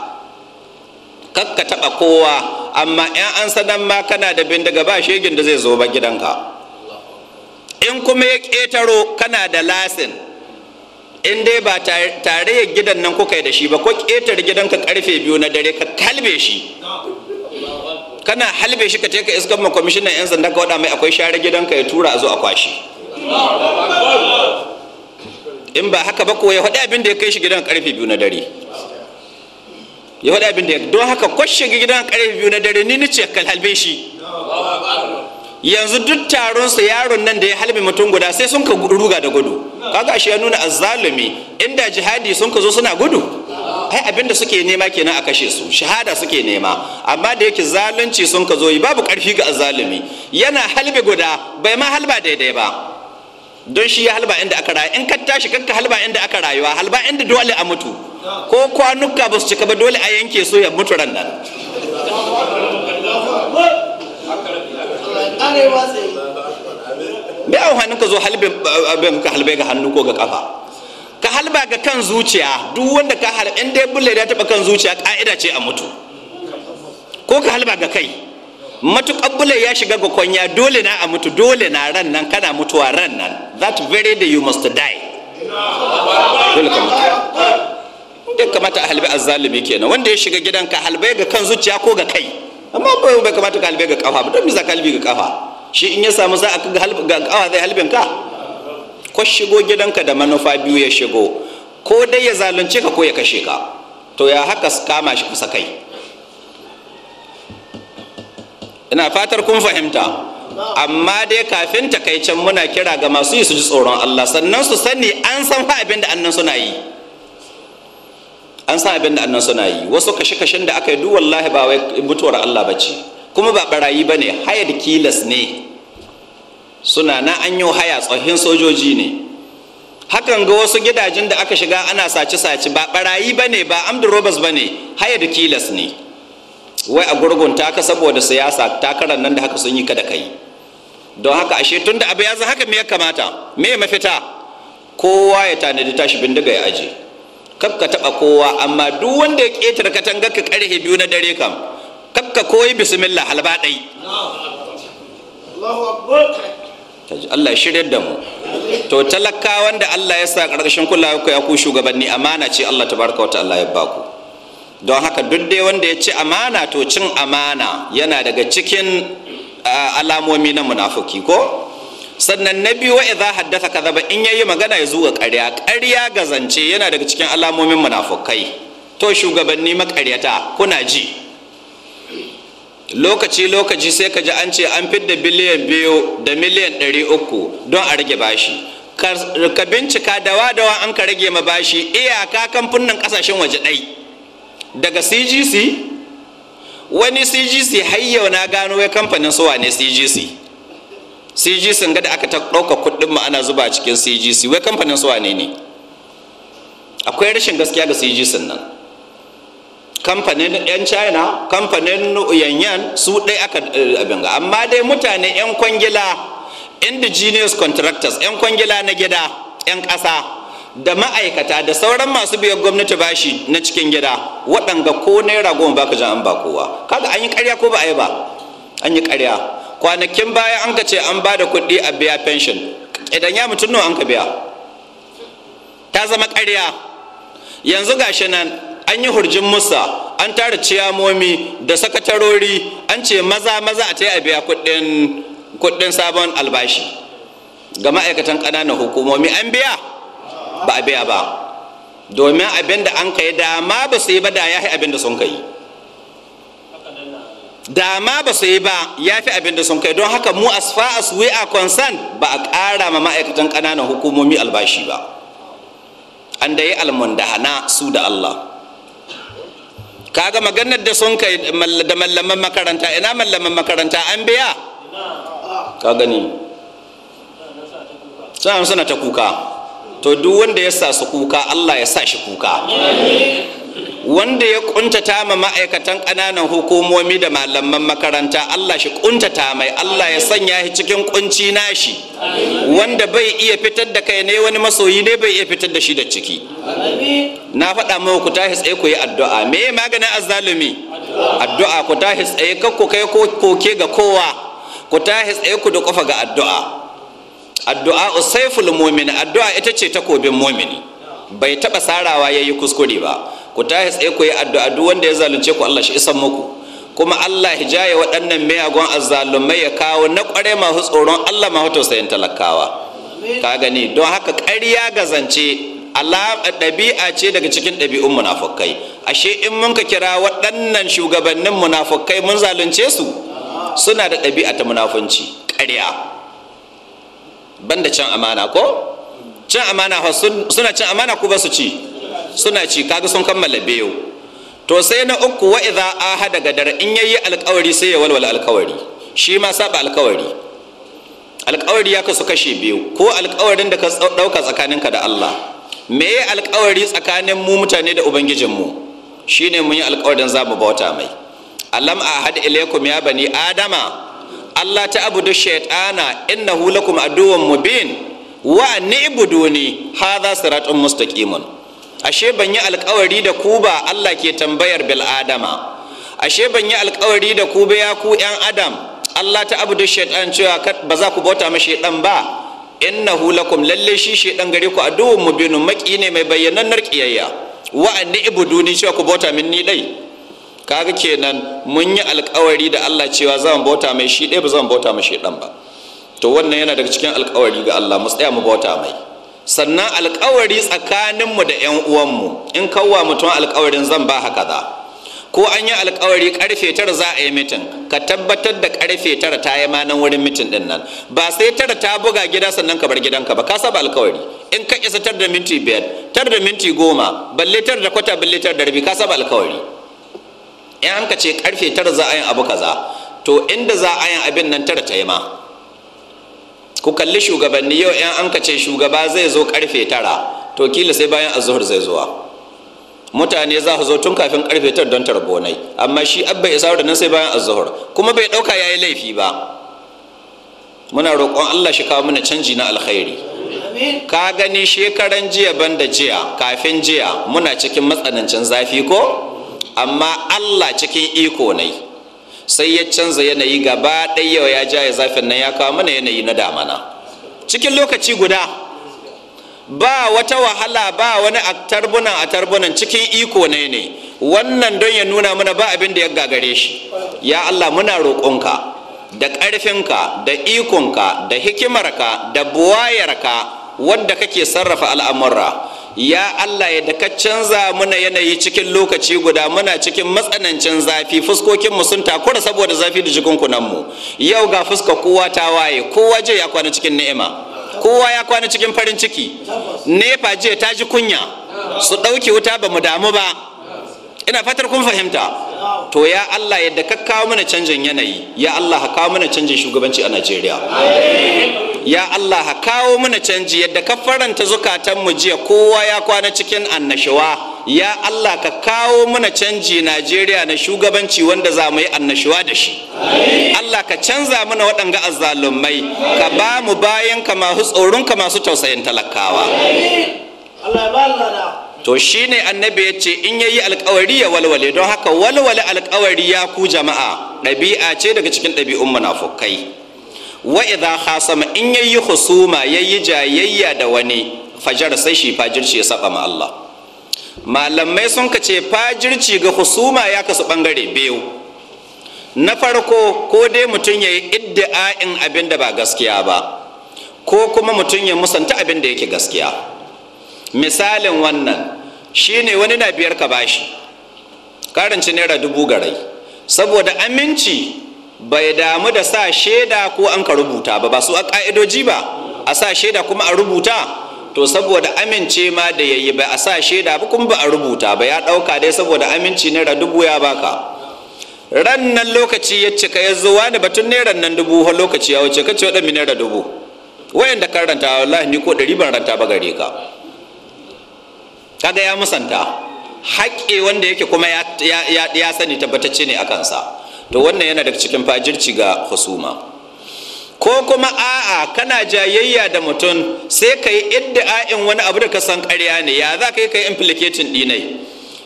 kakka taba kowa amma yan an sanan ma kana da bindiga ba shegin da zai zo ba gidanka in kuma ya ƙetaro kana da lasin in dai ba tare gidan nan kuka yi da shi ba ko ƙetare gidanka karfe biyu na dare ka kalbe shi kana halbe shi ka teka iskan ma kwamishinan yan sanda ka wada mai akwai share gidanka ya tura a zo a kwashi in ba haka ba ko ya faɗi abin da ya kai shi gidan karfe biyu na dare ya faɗi abin da ya don haka kwashe gidan karfe biyu na dare ni ni ce ka halbe shi yanzu duk taron sa yaron nan da ya halbe mutum guda sai sun ka ruga da gudu kaga shi ya nuna azzalumi inda jihadi sun ka zo suna gudu yawa ai abinda suke nema kenan a kashe su shahada suke nema amma da yake zalunci sun ka zo yi babu karfi ga azalumi. yana halbe guda bai ma halba daidai ba don shi ya halba inda aka rayu in ka tashi kanka halba inda aka rayuwa halba inda dole a mutu ko kwanuka ba su cika ba dole a yanke su ya mutu ran nan bai a hannun ka zo halbe ga hannu ko ga kafa ka halba ga kan zuciya duk wanda ka har in dai bulle da taba kan zuciya ka'ida ce a mutu ko ka halba ga kai matuƙar bulle ya shiga ga kwanya dole na a mutu dole na ran nan kana mutuwa ran nan that very day you must die dole ka mutu ya kamata a halbi azzalimi kenan wanda ya shiga gidan ka halbai ga kan zuciya ko ga kai amma bai kamata ka halbai ga kafa ba don me za ka halbi ga kafa shi in ya samu za a ga kafa zai halbin ka ko shigo gidanka da manufa biyu ya shigo ko dai ya zalunce ka ko ya kashe ka to ya haka kama shi kusa kai ina fatar kun fahimta amma dai kafin takaicen muna kira ga masu yi su ji tsoron Allah sannan su sani an san fa abin da annan suna yi an san abin da annan suna yi wasu kashe-kashen da aka yi duk wallahi ba wai mutuwar Allah bace kuma ba barayi bane hayar kilas ne suna na an yi haya tsohin sojoji ne hakan ga wasu gidajen da aka shiga ana sace-sace ba barayi ba ne ba amdu robas ba ne haya da kilas ne wai a gurgunta ka saboda siyasa takarar nan da haka sun yi kada kai don haka ashe tun da abu ya haka me ya kamata me ya mafita kowa ya tanadi tashi bindiga ya aje kaf ka taba kowa amma duk wanda ya ketare katanga ka karhe biyu na dare kam kaf ka koyi bismillah halba dai Allah ya shiryar da mu to talaka wanda Allah ya sa ƙarƙashin kula ku ya ku shugabanni amana ce Allah tabaraka wa ta'ala ya baku don haka duk dai wanda ya ci amana to cin amana yana daga cikin alamomi na munafuki ko sannan na biyu wa'i za haddasa kaza ba in yayi magana ya zuwa ƙarya ƙarya ga zance yana daga cikin alamomin munafukai to shugabanni maƙaryata kuna ji lokaci lokaci sai ka ji an ce an fidda biliyan biyu da miliyan ɗari uku don a rage bashi ka bincika dawa dawa an ka rage ma bashi iyaka kamfunan kasashen waje ɗai daga cgc wani cgc hayyau na gano wai kamfanin suwa ne cgc cgc ga da aka ɗauka kuɗin mu ana zuba cikin cgc wai kamfanin suwa ne ne akwai rashin gaskiya ga cgc nan kamfanin 'yan china kamfanin yanyan su ɗai aka eh, abin ga amma dai mutane 'yan kwangila indigenous contractors 'yan kwangila na gida 'yan ƙasa da ma'aikata da sauran masu biyan gwamnati bashi na cikin gida waɗanga ko naira goma baka jan an ba kowa kaga an yi ƙarya ko ba a yi ba an yi ƙarya kwanakin baya an ka ce an ba da kuɗi a biya pension idan ya mutum nawa an ka biya ta zama ƙarya yanzu gashi nan an yi hurjin musa an tara ciyamomi da sakatarori an ce maza maza a ta a biya kuɗin sabon albashi ga ma'aikatan ƙananan hukumomi an biya ba a biya ba domin abin da an kai dama ba su yi ba da ya fi abin da sun kai dama ba su yi ba ya fi abin da sun kai don haka mu as far as we are concerned ba a ƙara ma ma'aikatan ƙananan hukumomi albashi ba an da yi almundahana su da Allah kaga maganar da sun kai da mallaman makaranta ina mallaman makaranta an biya ka gani suna ta kuka to duk wanda ya sa su kuka Allah ya sa shi kuka wanda ya kuntata ma ma'aikatan ƙananan hukumomi da malaman makaranta Allah shi kuntata mai Allah ya sanya shi cikin kunci nashi wanda bai iya fitar da kai ne wani masoyi ne bai iya fitar da shi da ciki na faɗa mawa ku tashi tsaye ku yi addu'a me maganin azzalumi addu'a ku tashi tsaye kakku kai koke ga kowa ku tashi tsaye ku da kofa ga addu'a addu'a usaiful mu'min addu'a ita ce ta kobin mu'mini bai taba sarawa yayi kuskure ba ku tahi tsaye ku yi addu'a duk wanda ya zalunce ku Allah shi isan muku kuma Allah hijaye waɗannan miyagun azzalumai ya kawo na ƙware masu tsoron Allah masu tausayin talakawa ka gani don haka ƙarya ga zance ɗabi'a ce daga cikin ɗabi'un munafukai ashe in mun ka kira waɗannan shugabannin munafukai mun zalunce su suna da ɗabi'a ta munafunci ƙarya banda cin amana ko cin amana suna cin amana ko ba su ci suna ci kaga sun kammala biyu to sai na uku wa idza ahada gadar in yayi alkawari sai ya walwala alkawari shi ma saba alkawari alkawari ya kasu kashe biyu ko alkawarin da ka dauka tsakaninka da Allah me ya alkawari tsakanin mu mutane da ubangijin mu shine mun yi alkawarin za mu bauta mai alam ahad ilaykum ya bani adama Allah ta abudu shaytana innahu lakum aduwwun mubin wa ha za su ratun mustaƙimun ashe ban yi alkawari da ku ba Allah ke tambayar bil'adama. ashe ban yi alkawari da ku ba ya ku yan adam Allah ta da shaytan cewa ba za ku bauta ma shaitan ba innahu lakum lalle shi shaitan gare ku aduwwun mubinun maki ne mai bayyanannar kiyayya wa ibudu ibuduni cewa ku bauta min ni dai kaga kenan mun yi alkawari da Allah cewa zan bauta mai shi ɗaya ba zan bauta mai shaidan ba to wannan yana daga cikin alkawari ga Allah mu tsaya mu bauta mai sannan alkawari tsakaninmu da 'yan uwanmu in kawwa mutum alkawarin zan ba haka za ko an yi alkawari karfe tara za a yi mitin ka tabbatar da karfe tara ta yi manan wurin mitin din nan ba sai tara ta buga gida sannan ka bar gidanka ba ka saba alkawari in ka isa tara da minti biyar tara da minti goma balle tara da kwata balle tara da rabi ka saba alkawari in an ka ce karfe tara za a yin abu kaza to inda za a yin abin nan tara ta yi ma ku kalli shugabanni yau in an ka ce shugaba zai zo karfe tara to kila sai bayan azuhur zai zuwa mutane za su zo tun kafin karfe tara don tarbonai amma shi abba isa da nan sai bayan azuhur kuma bai dauka yi laifi ba muna roƙon Allah shi kawo mana canji na alkhairi ka gani shekaran jiya banda jiya kafin jiya muna cikin matsanancin zafi ko amma Allah cikin iko ne sai ya canza yanayi gaba ɗaya ya jaya zafin nan ya kawo mana yanayi na damana cikin lokaci guda ba wata wahala ba wani a tarbunan a tarbunan cikin iko ne ne wannan don ya nuna mana ba abin da ya gagare shi ya Allah muna roƙonka da ƙarfinka da ikonka da hikimarka da buwayarka wadda kake sarrafa al'amurra ya Allah ya daka canza muna yanayi cikin lokaci guda muna cikin matsanancin zafi fuskokinmu sun takura saboda zafi da mu yau ga fuska kowa ta waye kowa je ya kwana cikin ni'ima kowa ya kwana cikin farin ciki nefa je ta ji kunya su ɗauki wuta ba mu damu ba ina fatar kun fahimta to ya Allah yadda ka kawo mana canjin yanayi ya Allah ka kawo mana canjin shugabanci a Najeriya ya Allah ha kawo mana canji yadda ka faranta zukatanmu jiya kowa ya kwana cikin annashuwa ya Allah ka kawo mana canji Najeriya na shugabanci wanda za mu yi annashuwa da shi Allah ka canza mana waɗanga azzalumai ka ba mu bayan ka masu tsoronka masu tausayin talakawa to shine annabi ya ce in yayi alkawari ya walwale don haka walwale alkawari ya ku jama'a ɗabi'a ce daga cikin ɗabi'un munafukai wa idha khasama in yayi husuma yayi jayayya da wani fajar sai shi fajirci ya saba ma Allah malamai sun kace fajirci ga husuma ya kasu bangare biyu na farko ko dai mutum ya yi iddi'a'in abin da ba gaskiya ba ko kuma mutum ya musanta abin da yake gaskiya misalin wannan shine wani na biyar ka bashi karanci naira dubu garai saboda aminci bai damu da sa shaida ko an ka rubuta ba ba su a ka'idoji ba a sa shaida kuma a rubuta to saboda amince ma da yayi ba a sa shaida ba kuma ba a rubuta ba ya ɗauka dai saboda aminci naira dubu ya baka ran nan lokaci ya cika ya zuwa da batun naira nan dubu har lokaci ya wuce kace wadanne naira dubu wayanda kan ranta wallahi ni ko ɗari ban ranta ba gare ka kaga ya musanta haƙƙi wanda yake kuma ya, sani tabbatacce ne a kansa to wannan yana daga cikin fajirci ga husuma ko kuma a'a kana jayayya da mutum sai ka yi iddi'a'in wani abu da ka san karya ne ya za ka yi ka yi implicating dinai?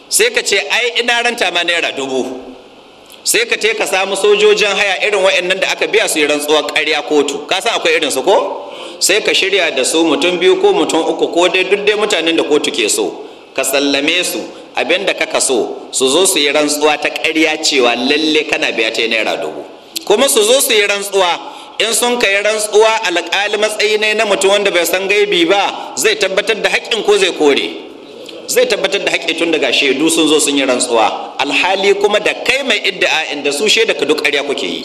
sai ka ce ai ina ranta ma naira dubu sai ka ce ka samu sojojin haya irin wa'annan da aka biya su yi rantsuwar karya kotu ka san akwai irin su ko sai ka shirya da su mutum biyu ko mutum uku ko dai duk dai mutanen da kotu ke so ka sallame su abin da kaka so su zo su yi rantsuwa ta ƙarya cewa lalle kana biya ta naira dubu kuma su zo su yi rantsuwa in sun ka yi rantsuwa alƙali matsayi ne na mutum wanda bai san gaibi ba zai tabbatar da haƙƙin ko zai kore zai tabbatar da haƙƙi tun daga shaidu sun zo sun yi rantsuwa alhali kuma da kai mai iddi'a inda su shaida ka duk ƙarya kuke yi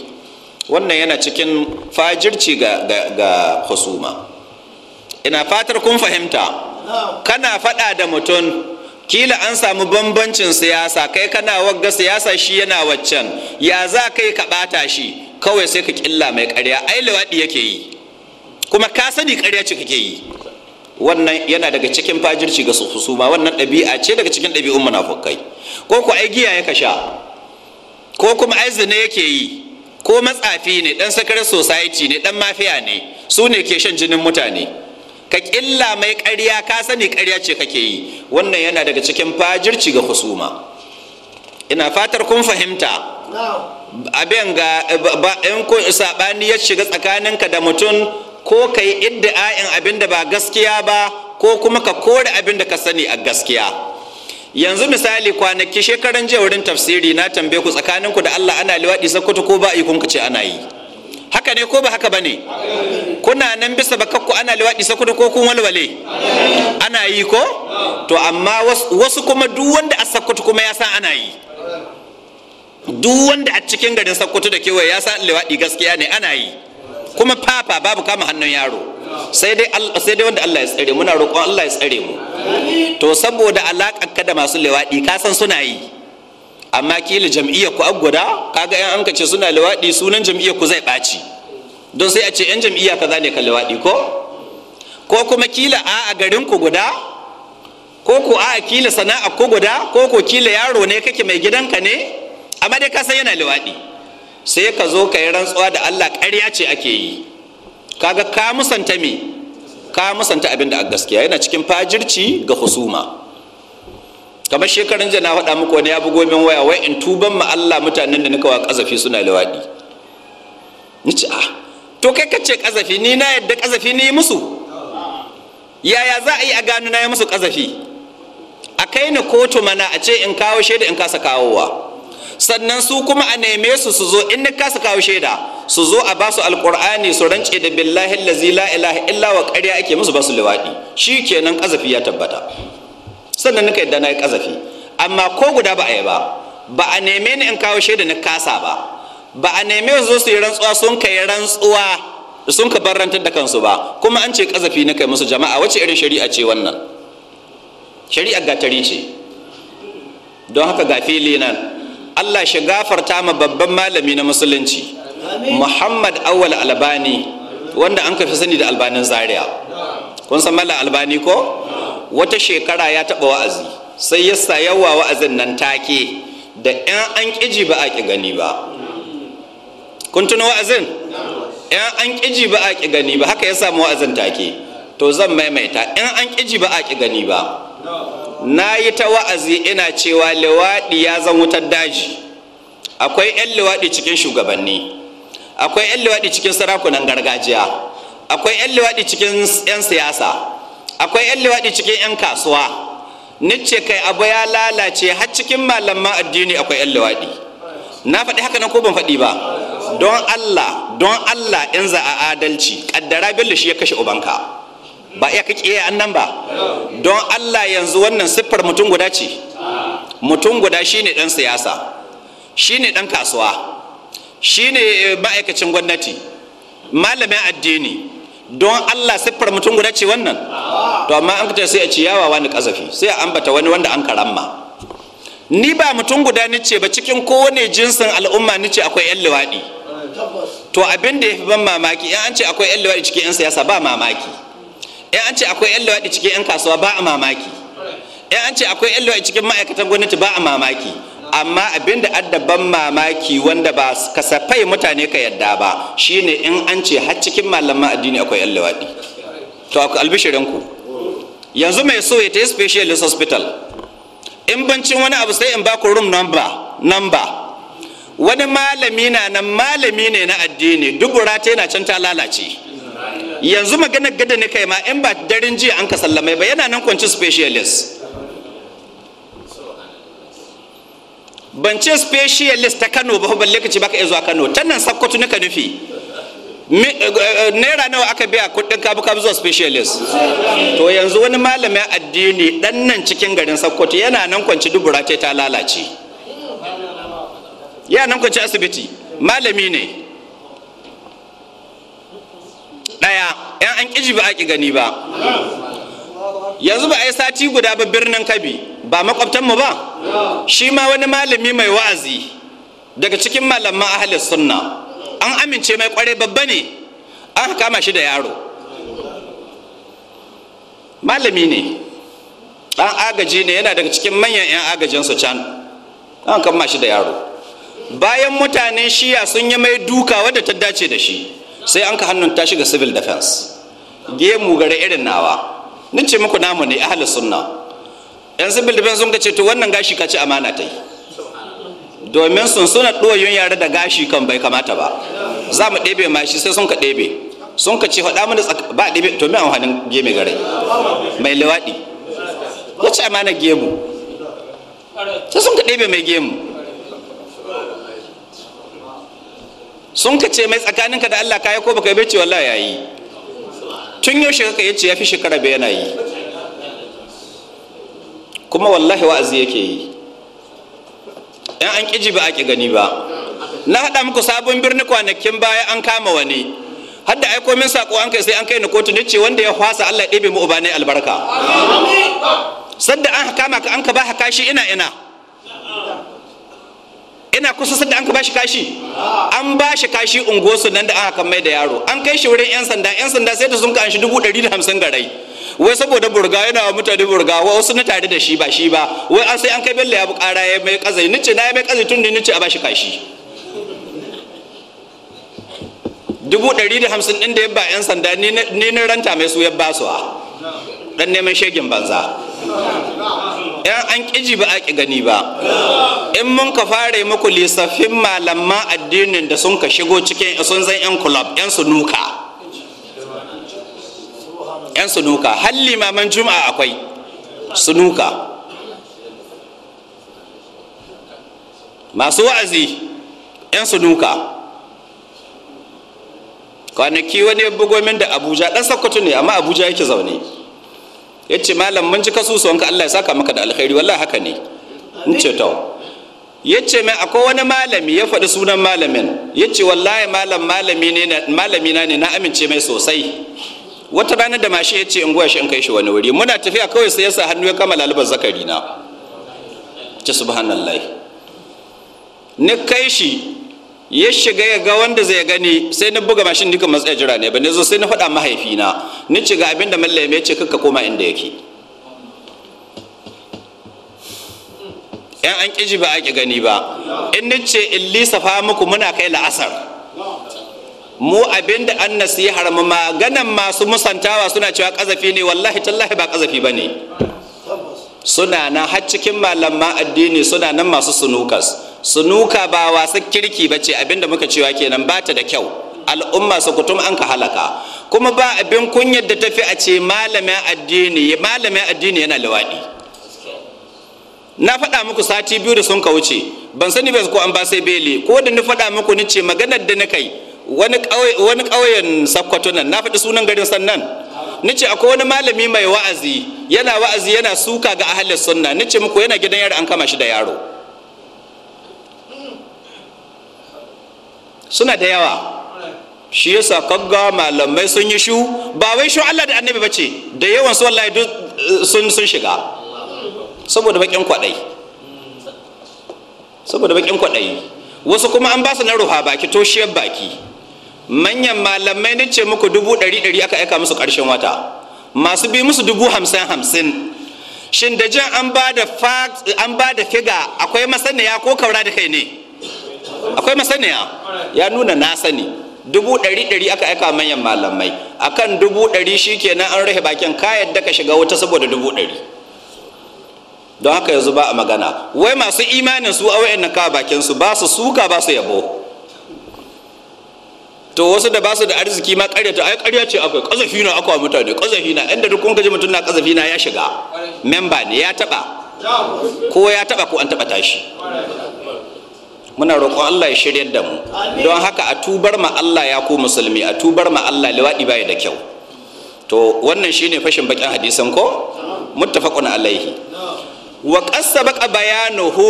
wannan yana cikin fajirci ga, ga husuma ina fatar kun fahimta kana faɗa da mutum kila an samu bambancin siyasa kai kana wagga siyasa shi yana waccan ya za kai ka bata shi kawai sai ka killa mai karya ai lawadi yake yi kuma ka sani karya ce kake yi wannan yana daga cikin fajirci ga su ma wannan ɗabi'a ce daga cikin ɗabi'un munafukai ko ku ai giya ya sha ko kuma ai zina yake yi ko matsafi ne dan sakarar society ne dan mafiya ne su ne ke shan jinin mutane ka ƙilla mai ƙarya ka sani ƙarya ce kake yi wannan yana daga cikin fajirci ga husuma ina fatar kun fahimta abin ga in kun saɓani ya shiga tsakaninka da mutum ko ka yi iddi'a'in abin da ba gaskiya ba ko kuma ka kore abin da ka sani a gaskiya yanzu misali kwanaki shekaran jiya wurin tafsiri na tambaye ku tsakaninku da allah ana liwaɗi sokoto ko ba a yi ce ana yi haka ne ko ba haka ba ne kuna nan bisa bakakku ana liwaɗi sakuda ko kun walwale ana yi ko to amma wasu kuma duk wanda a sakkwato kuma ya san ana yi duk wanda a cikin garin sakkwato da kewaye ya san liwaɗi gaskiya ne ana yi kuma papa, babu kama hannun yaro sai dai wanda Allah ya tsare muna roƙon Allah ya tsare mu to saboda alaƙar ka da masu liwaɗi ka san suna yi amma kila jam'iyyar ku aggwada kaga yan anka ce suna liwaɗi sunan jam'iyyar ku zai ɓaci don sai a ce yan jam'iyya kaza ne ka liwaɗi ko ko kuma kila a a garin ku guda ko ku a a kila sana'a ku guda ko ku kila yaro ne kake mai gidanka ne amma dai ka san yana liwaɗi sai ka zo ka yi rantsuwa da Allah ƙarya ce ake yi kaga ka musanta me ka musanta abin da a gaskiya yana cikin fajirci ga husuma kamar shekarun jana faɗa muku wani ya bugo min waya wai in tuban ma Allah mutanen da nika wa kazafi suna lawadi ni ce a ah, to kai ka ce kazafi ni na yadda kazafi ni musu yaya za a yi a gano na yi musu kazafi a kai ni kotu mana a ce in kawo shaida in kasa kawowa sannan su kuma a neme su su zo in ni kasa kawo shaida su zo a basu alkur'ani su rance da billahi allazi la ilaha illa wa ƙarya ake musu basu lawadi kenan kazafi ya tabbata sannan nika yadda na yi kazafi amma ko guda ba a yi ba ba a neme ni in kawo shaida na kasa ba ba a neme su su yi rantsuwa sun ka yi rantsuwa sun ka rantar da kansu ba kuma an ce kazafi na kai musu jama'a wace irin shari'a ce wannan shari'a gatari ce don haka ga fili nan Allah shi gafarta ma babban malami na musulunci Muhammad Awal Albani wanda an kafi sani da albanin zaria kun san mala albani ko wata shekara ya taɓa wa'azi sai ya sayawa wa'azin nan take da 'yan an ƙiji ba a ƙi gani ba kun tuna wa'azin 'yan an ƙiji ba a ƙi gani ba haka ya samu wa'azin take to zan maimaita 'yan an ƙiji ba a ƙi gani ba na yi ta wa'azi ina cewa lewaɗi ya zan wutar daji akwai 'yan lewaɗi cikin shugabanni akwai 'yan lewaɗi cikin sarakunan gargajiya akwai 'yan lewaɗi cikin 'yan siyasa akwai 'yan liwaɗi cikin 'yan kasuwa nice kai abu ya lalace har cikin malaman addini akwai 'yan liwaɗi na faɗi haka na ko ban faɗi ba don allah don allah in za a adalci ƙaddara bello shi ya kashe ubanka ba iya kake iya annan ba don Allah yanzu wannan siffar mutum guda ce mutum guda shine dan siyasa shine dan kasuwa shine eh, ma'aikacin gwamnati malamin addini don Allah siffar mutum guda ce wannan to amma an kace sai a ce yawa wani kazafi sai a ambata wani wanda an karamma ni ba mutum guda ni ce ba cikin kowane jinsin al'umma ni ce akwai yan liwaɗi to abin da ya fi ban mamaki in an ce akwai yan liwaɗi cikin yan siyasa ba mamaki in an ce akwai yan liwaɗi cikin yan kasuwa ba a mamaki in an ce akwai yan liwaɗi cikin ma'aikatan gwamnati ba a mamaki amma abin da addaban mamaki wanda ba kasafai mutane ka yadda ba shine in an ce har cikin malaman addini akwai yan lawadi to albishirinku yanzu mai so ya tafi specialist hospital in bancin wani abu sai in ba ku room number wani malami na nan malami ne na addini duk ta yana can ta lalace yanzu maganar gada ne kai ma in ba darin jiya an ka sallamai ba yana nan kwanci specialist Ban ce specialist ta kano ba balle ka ce baka iya zuwa kano ta nan sakkwato nika nufi eh, eh, naira nawa aka biya kudin kabu kabu zuwa specialist to yanzu wani malamin addini dan nan cikin garin sakkwato yana nan kwanci dubura ta ta lalace yana nan kwanci asibiti malami ne daya yan an kiji ba a ki gani ba yanzu ba a yi sati guda ba birnin kabi ba makwabtanmu ba shi ma wani malami mai wa'azi daga cikin malaman ahalin sunna an amince mai kware babba ne an kama shi da yaro malami ne ɗan agaji ne yana daga cikin manyan 'yan agajinsu can an kama shi da yaro bayan mutane shiya sun yi mai duka wadda ta dace da shi sai an ka hannun tashi ga civil defense gemu gare irin nawa ce muku namu ne ahalin sunna yan civil defense sun ce to wannan gashi ka ci amana ta yi domin sun suna ɗoyin yare da gashi kan bai kamata ba za mu ɗebe ma shi sai sun ka ɗebe sun ka ce faɗa mana ba ɗebe to mai amfanin gemi gare mai lewaɗi ya ci amana gemu sai sun ka ɗebe mai gemu sun ka ce mai tsakaninka da Allah ka yi ko baka yi bai ce wallahi yi. tun yaushe kaka ce ya fi shekara bai yana yi kuma wallahi wa'azi yake yi yan an ƙiji ba a ƙi gani ba na haɗa muku sabon birni kwanakin baya an kama wani har da aiko min saƙo an kai sai an kai ni kotu ce wanda ya fasa Allah ɗebe mu ubanai albarka sadda an kama ka an ka ba ka kashi ina ina ina kusa sadda an ka ba shi kashi an ba shi kashi unguwarsu nan da aka mai da yaro an kai shi wurin 'yan sanda 'yan sanda sai da sun ka an shi dubu ɗari da hamsin garai wai saboda burga yana wa mutane burga wai wasu na tare da shi ba shi ba wai an sai an kai bello ya bukara ya mai kazai nice na ya mai kazai tun da nice a bashi kashi dubu ɗari da hamsin ɗin da ya ba 'yan sanda ni na ranta mai su ya ba su a dan neman shegin banza yan an ƙiji ba a ƙi gani ba in mun ka fara muku lissafin malaman addinin da sun ka shigo cikin sun zan 'yan kulab 'yan nuka 'yan sunuka har limaman juma'a akwai sunuka masu wa'azi 'yan sunuka kwanaki wani bugomin da abuja ɗan sakkwato ne amma abuja yake zaune ya ce malam mun ji wanka allah ya saka maka da alkhairi wallahi haka ne in ce tau ya ce mai akwai wani malami ya faɗi sunan malamin ya ce wallahi malam malami ne na amince mai sosai wata ranar da mashi ya ce in goya shi in kai shi wani wuri muna tafiya kawai sai ya sa hannu ya kama lalibar zakari na ci subhanallah ni kai shi ya shiga ya ga wanda zai gani sai ni buga mashin duka matsayi jira ne ba ne zo sai na faɗa mahaifina ni ci ga abin da mallam mai ce kakka koma inda yake yan an ƙiji ba a ki gani ba in ni ce in lisa fa muku muna kai la'asar mu abinda an nasihar mu maganan masu musantawa suna cewa kazafi ne wallahi tallahi ba kazafi bane suna na har cikin malaman addini suna nan masu sunukas sunuka ba wasu kirki ba ce abinda muka cewa kenan ba ta da kyau al'umma su kutum an ka halaka kuma ba abin kunyar da tafi a ce malamin addini malamin addini yana lawadi na faɗa muku sati biyu da sun ka wuce ban sani ba ko an ba sai beli ko da ni faɗa muku ni ce maganar da na kai wani ƙauyen sakkwato nan na faɗi sunan garin sannan nace akwai wani malami mai wa'azi yana wa'azi yana suka ga ahalin sunna nace muku yana gidan yari an kama shi da yaro suna da yawa shi yasa kaga malamai sun yi shu ba wai shu Allah da annabi bace da yawan su wallahi eh, sun sun shiga saboda bakin kwadai saboda bakin kwadai wasu kuma an ba su na ruha baki toshiyar baki manyan malamai na ce muku dubu ɗari ɗari aka aika musu ƙarshen wata masu bi musu dubu hamsin hamsin shin da jan an ba da an ba da figa akwai masaniya ko kaura da kai ne akwai masaniya ya nuna na sani dubu ɗari ɗari aka aika manyan malamai akan dubu ɗari shi kenan an rahe bakin kayan daga ka shiga wuta saboda dubu ɗari don haka yanzu ba a magana wai masu imanin su a wa'in na kawo bakin su ba su suka ba su yabo to wasu da ba su da arziki ma ƙarya ta ai ƙarya ce akwai ƙazafi na akwai mutane ƙazafi na inda duk kun ji mutum na ƙazafi na ya shiga memba ne ya taba ko ya taba ko an taba tashi muna roƙon Allah ya shirya da mu don haka a tubar ma Allah ya ku musulmi a tubar ma Allah liwaɗi baya da kyau to wannan shine fashin bakin hadisan ko muttafaqun alaihi wa qassaba bayanuhu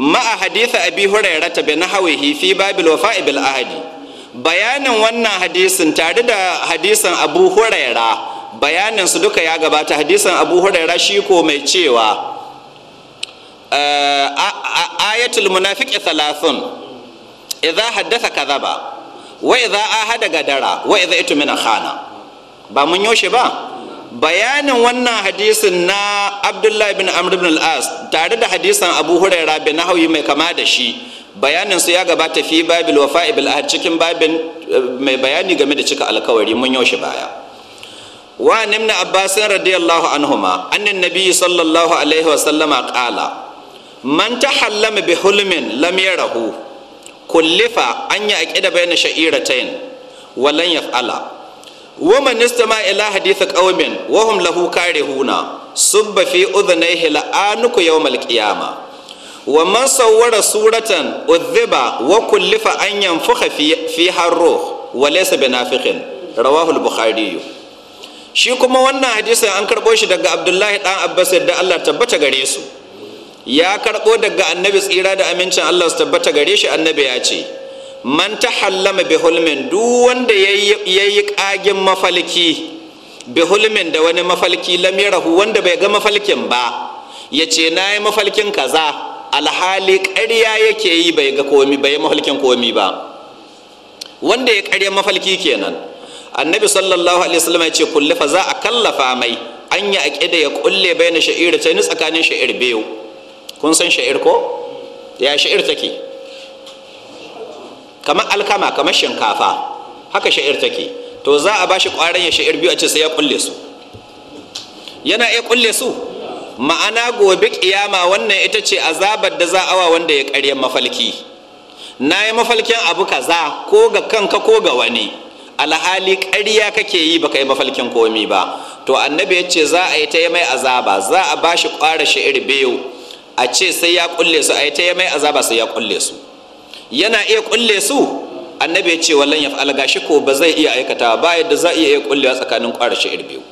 ma'a haditha abi hurairah bi nahwihi fi babil wafa'i bil ahadi bayanin wannan hadisin tare da hadisin abu huraira bayanin su duka ya gabata hadisin abu huraira shi ko mai cewa eh, ayatul munafiki thalathun idza haddatha kadhaba wa idza ahada gadara wa idza itmina khana ba mun yoshe ba bayanin wannan hadisin na abdullahi bin amr bin al-as tare da hadisin abu huraira bin nahawi mai kama da shi bayanin su ya gabata fi babil wa bil ahd cikin babin eh, mai bayani game da cika alkawari mun yaushe baya wa nimna abbas radiyallahu anhuma annan nabiyyi sallallahu alaihi wa sallama qala man tahallama bi hulmin lam yarahu kullifa an ya aqida bayna sha'iratayn wa lan yaf'ala wa man istama ila hadith qaumin wa hum lahu karihuna subba fi udhnayhi la'anuku yawm al-qiyamah wa man sawwara suratan udhiba wa kullifa an yanfukha fi harruh wa laysa binafiqin rawahu al-bukhari shi kuma wannan hadisi an karbo shi daga abdullahi dan abbas da Allah tabbata gare su ya karbo daga annabi tsira da amincin Allah su tabbata gare shi annabi ya ce man tahallama bi hulmin duk wanda yayi kagin mafalki bi hulmin da wani mafalki lam yarahu wanda bai ga mafalkin ba yace nayi mafalkin kaza alhali ƙarya yake yi bai ga komi bai mafalkin komi ba wanda ya ƙarya mafalki kenan annabi sallallahu alaihi wasallam ya ce kullifa za a kallafa mai an yi aƙida ya kulle bai na sha'ir ta ni tsakanin sha'ir biyu kun san sha'ir ko ya sha'ir take kamar alkama kamar shinkafa haka sha'ir take to za a bashi ƙwaron ya sha'ir biyu a ce sai ya kulle su yana iya kulle su ma'ana gobe kiyama wannan ita ce azabar da za awa wanda ya karya mafalki na yi mafalkin abu kaza ko ga kanka ko ga wani alhali ƙarya kake yi baka yi mafalkin komi ba to annabi ya ce za a yi ta yi mai azaba za a ba shi ƙwara sha'ir biyu a ce sai ya kulle su a yi ta yi mai azaba sai ya kulle su yana iya kulle su annabi ya ce wallan ya fa'al gashi ko ba zai iya aikata ba yadda za a iya kullewa tsakanin ƙwara sha'ir biyu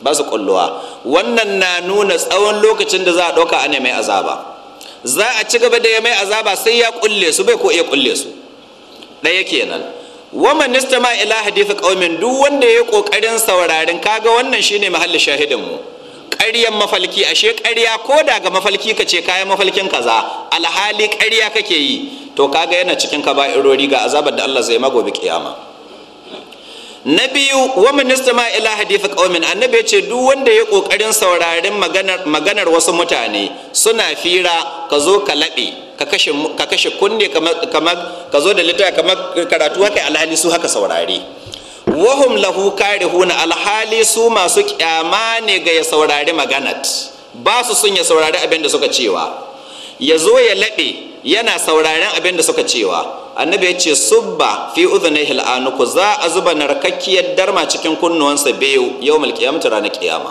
ba su kulluwa wannan na nuna tsawon lokacin da za a ɗauka ana mai azaba za a ci gaba da ya mai azaba sai ya kulle su bai ko iya kulle su ɗaya kenan wama ma ila hadithu kaumin duk wanda ya yi kokarin saurarin kaga wannan shine mahalli shahidin mu ƙaryan mafalki ashe ƙarya ko daga mafalki ka ce kayan mafalkin kaza alhali ƙarya kake yi to kaga yana cikin kaba'irori ga azabar da Allah zai magobi kiyama na biyu wa minista ma ila hadifa qaumin annabi ya ce duk wanda ya kokarin saurarin maganar maganar wasu mutane suna fira ka zo ka labe ka kashe kunne kamar ka zo da littafi kamar karatu haka alhali su haka saurare wahum lahu karihuna alhali su masu kyama ne ga ya saurari maganat ba su sun ya saurari abin da suka cewa ya zo ya labe yana sauraren abin da suka cewa annabi ya ce subba fi udhunayhi al'anuku za a zuba narkakkiyar darma cikin kunnuwansa biyu yau qiyamati ranar kiyama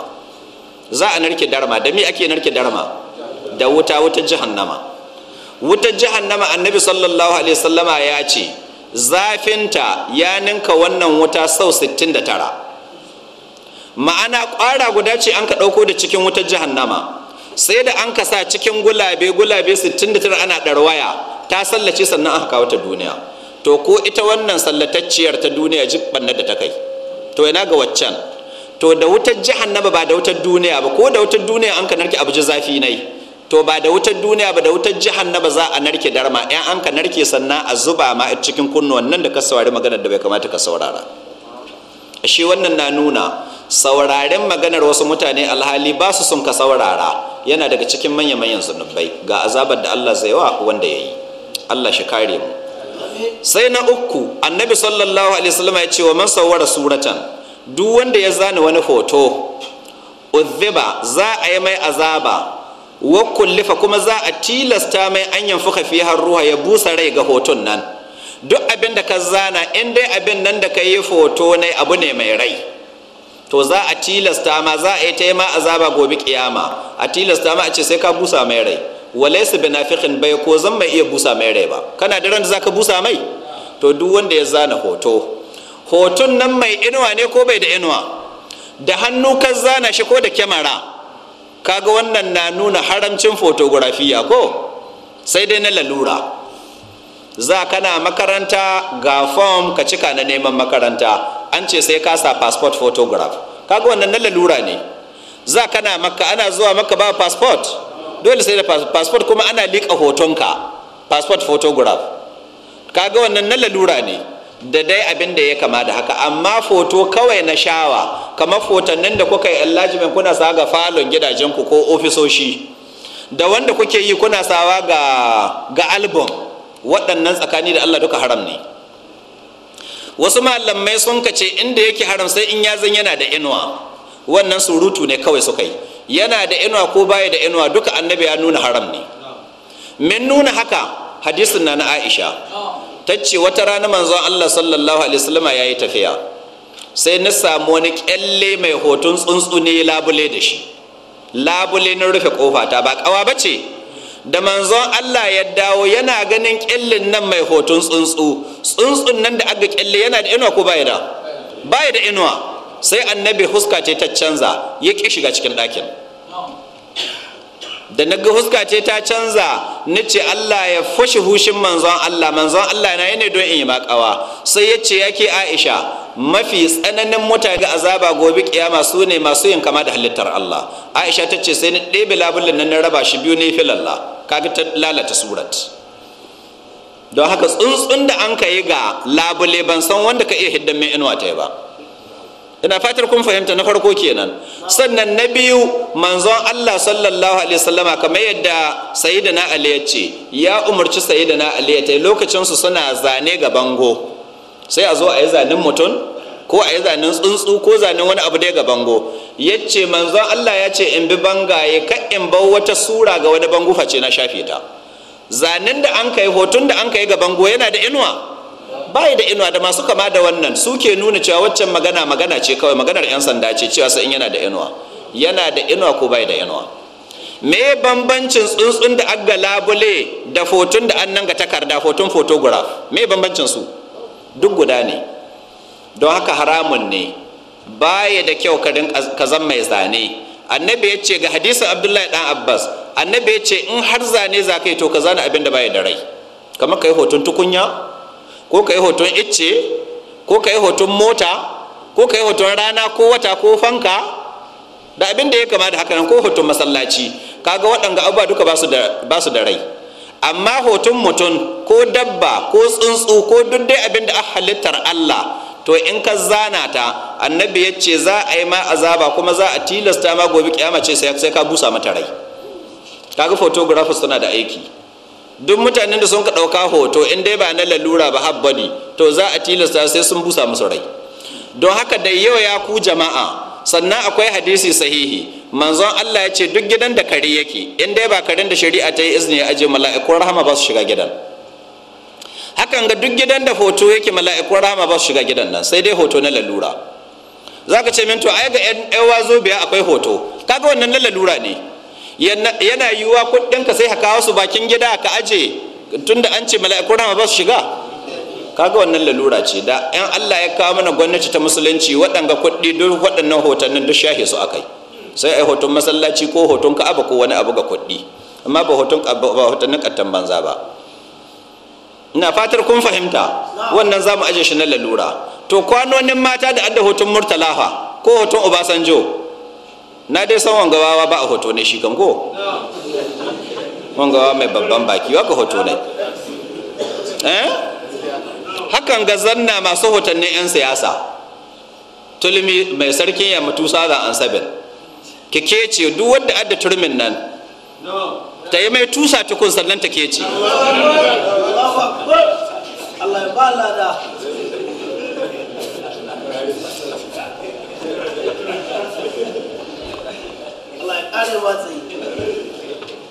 za a narke darma da mi ake narke darma da wuta wutar jahannama wutar jahannama annabi sallallahu alaihi sallama ya ce zafinta ya ninka wannan wuta sau 69 ma'ana ƙwara guda ce an ka ɗauko da cikin wutar nama sai da an ka sa cikin gulabe gulabe 69 ana ɗarwaya ta sallace sannan aka kawo ta duniya to ko ita wannan sallatacciyar ta duniya jibban da ta kai to ina ga waccan to da wutar jahannama ba da wutar duniya ba ko da wutar duniya an ka narke abu ji zafi nai to ba da wutar duniya ba da wutar jahannama za a narke darma ɗan an ka narke sannan a zuba ma a cikin kunnuwan nan da ka saurari maganar da bai kamata ka saurara shi wannan na nuna sauraren maganar wasu mutane alhali ba su sun ka saurara yana daga cikin manya-manyan zunubai ga azabar da Allah zai wa wanda ya yi Allah shi kare mu sai na uku annabi sallallahu alaihi wasallam ya ce wa man sawwara suratan duk wanda ya zana wani hoto udhiba za a yi mai azaba wa kullifa kuma za a tilasta mai an yanfuka fi har ruha ya busa rai ga hoton nan duk abin da ka zana in dai abin nan da ka yi hoto ne abu ne mai rai to za a tilasta ma za a yi ta ma azaba gobe kiyama a tilasta ma a ce sai ka busa mai rai walaysa binafiqin bai ko zan mai iya busa mai rai ba kana da ran da zaka busa mai to duk wanda ya zana hoto hoton nan mai inuwa ne ko bai da inuwa da hannu ka zana shi ko da kyamara kaga wannan na nuna haramcin fotografiya ko sai dai na lalura za kana makaranta ga fom ka cika na neman makaranta an ce sai ka sa passport photograph kaga wannan na lalura ne za kana maka ana zuwa maka ba passport dole sai da passport kuma ana liƙa hotonka passport photograph kaga wannan na lalura ne da dai abin da ya kama da haka amma foto kawai na shawa kamar nan da kuka yi enlargement kuna sa ga falon gidajenku ko ofisoshi da wanda kuke yi kuna sawa ga ga album waɗannan tsakani da Allah duka haram ne wasu malamai sun kace inda yake haram sai in ya zan yana da inuwa wannan surutu ne kawai suka yi yana da inuwa ko baya da inuwa duka annabi ya nuna haram ne min nuna haka hadisin na na aisha ta ce wata rana manzon allah sallallahu alaihi wasallam ya yi tafiya sai na samu wani kyalle mai hoton tsuntsu ne labule da shi labule na rufe kofa ta ba kawa ba ce da manzon allah ya dawo yana ganin kyallin nan mai hoton tsuntsu tsuntsun nan da aka kyalle yana da inuwa ko baya da baya da inuwa sai annabi huska ce ta canza ya ƙi shiga cikin ɗakin da na ga huska ce ta canza na ce Allah ya fashi hushin manzon Allah manzon Allah na yana don in yi makawa sai ya ce yake Aisha mafi tsananin mutane ga azaba gobe kiyama su ne masu yin kama da halittar Allah Aisha ta ce sai na ɗebe labulin nan na raba shi biyu ne filalla kaga ta lalata surat don haka tsuntsun da an ka ga labule ban san wanda ka iya hiddan mai inuwa ta yi ba ina fatar kun fahimta na farko kenan sannan na biyu manzon Allah sallallahu alaihi wasallama kamar yadda sayyidina Ali ya ce ya umarci sayyidina Ali ya tai lokacin su suna zane ga bango sai a zo a yi zanen mutum ko a yi zanen tsuntsu ko zanen wani abu dai ga bango ya ce manzon Allah ya ce in bi bangaye ka in bau wata sura ga wani bango face na shafe ta zanen da an kai hoton da an kai ga bango yana da inuwa bai da inuwa da masu kama da wannan suke nuna cewa waccan magana magana ce kawai maganar yan sanda ce cewa sai in yana da inuwa yana da inuwa ko bai da inuwa me bambancin tsuntsun da aga labule da foton da annan ga takarda foton photograph me bambancin su duk guda ne don haka haramun ne baya da kyau karin kazan mai zane annabi ya ce ga hadisin abdullahi dan abbas annabi ya ce in har zane za ka to ka zana abin da baya da rai kamar ka yi hoton tukunya ko ka yi hoton icce ko ka yi hoton mota ko ka yi hoton rana ko wata ko fanka da abin da ya kama da haka ko hoton masallaci kaga waɗanga abubuwa duka ba su da rai amma hoton mutum ko dabba ko tsuntsu ko duk dai abin da a halittar allah to in ka zana ta annabi ya ce za a yi ma azaba kuma za a tilasta ma gobe kyamace ce sai ka busa mata rai kaga photographers suna da aiki duk mutanen da sun ka ɗauka hoto in dai ba na lalura ba ne to za a tilasta sai sun busa musu rai don haka da yau ya ku jama'a sannan akwai hadisi sahihi manzon Allah ya ce duk gidan da kare yake in dai ba karen da shari'a ta yi izini ya aje mala'ikun rahama ba su shiga gidan hakan ga duk gidan da hoto yake mala'ikun rahama ba su shiga gidan nan sai dai hoto na lalura zaka ce min to ai ga yan wazo biya akwai hoto kaga wannan na lalura ne yana yiwuwa kuɗinka sai ka kawo su bakin gida ka aje tunda an ce mala'ikun rama ba su shiga kaga wannan lalura ce da yan Allah ya kawo mana gwamnati ta musulunci waɗanga kuɗi duk waɗannan hotonnin duk shahe su akai sai ai hoton masallaci ko hoton ka'aba ko wani abu ga kuɗi amma ba hoton ba hotonnin kattan banza ba ina fatar kun fahimta wannan zamu aje shi na lalura to kwanonin mata da adda hoton murtalaha ko hoton obasanjo na dai san wangawawa ba a hoto ne shi kan ko wangawa mai babban baki wa ka hoto ne eh hakan ga zanna masu hotannin 'yan siyasa tulmi mai sarkin ya mutu sada an sabin kike ce duk wanda adda turmin nan ta yi mai tusa tukun sannan ta ke ce Allah ya ba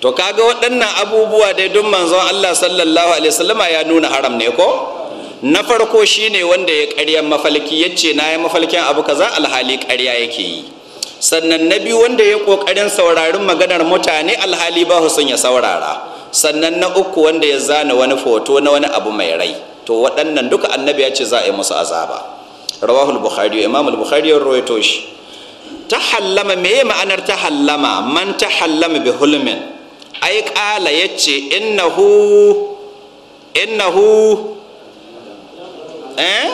to kaga waɗannan abubuwa dai duk manzon Allah sallallahu alaihi wasallama ya nuna haram ne ko na farko shine wanda ya ƙaryan mafalki yace na yi mafalkin abu kaza alhali ƙarya yake yi sannan na biyu wanda ya ƙoƙarin saurarin maganar mutane alhali ba sun ya saurara sannan na uku wanda ya zana wani foto na wani abu mai rai to waɗannan duka annabi ya ce za a yi musu azaba rawahul bukhari imam al-bukhari ya rawaito shi Ta hallama me ma'anar ta hallama man hallama bi hulmin ai kala yace innahu innahu eh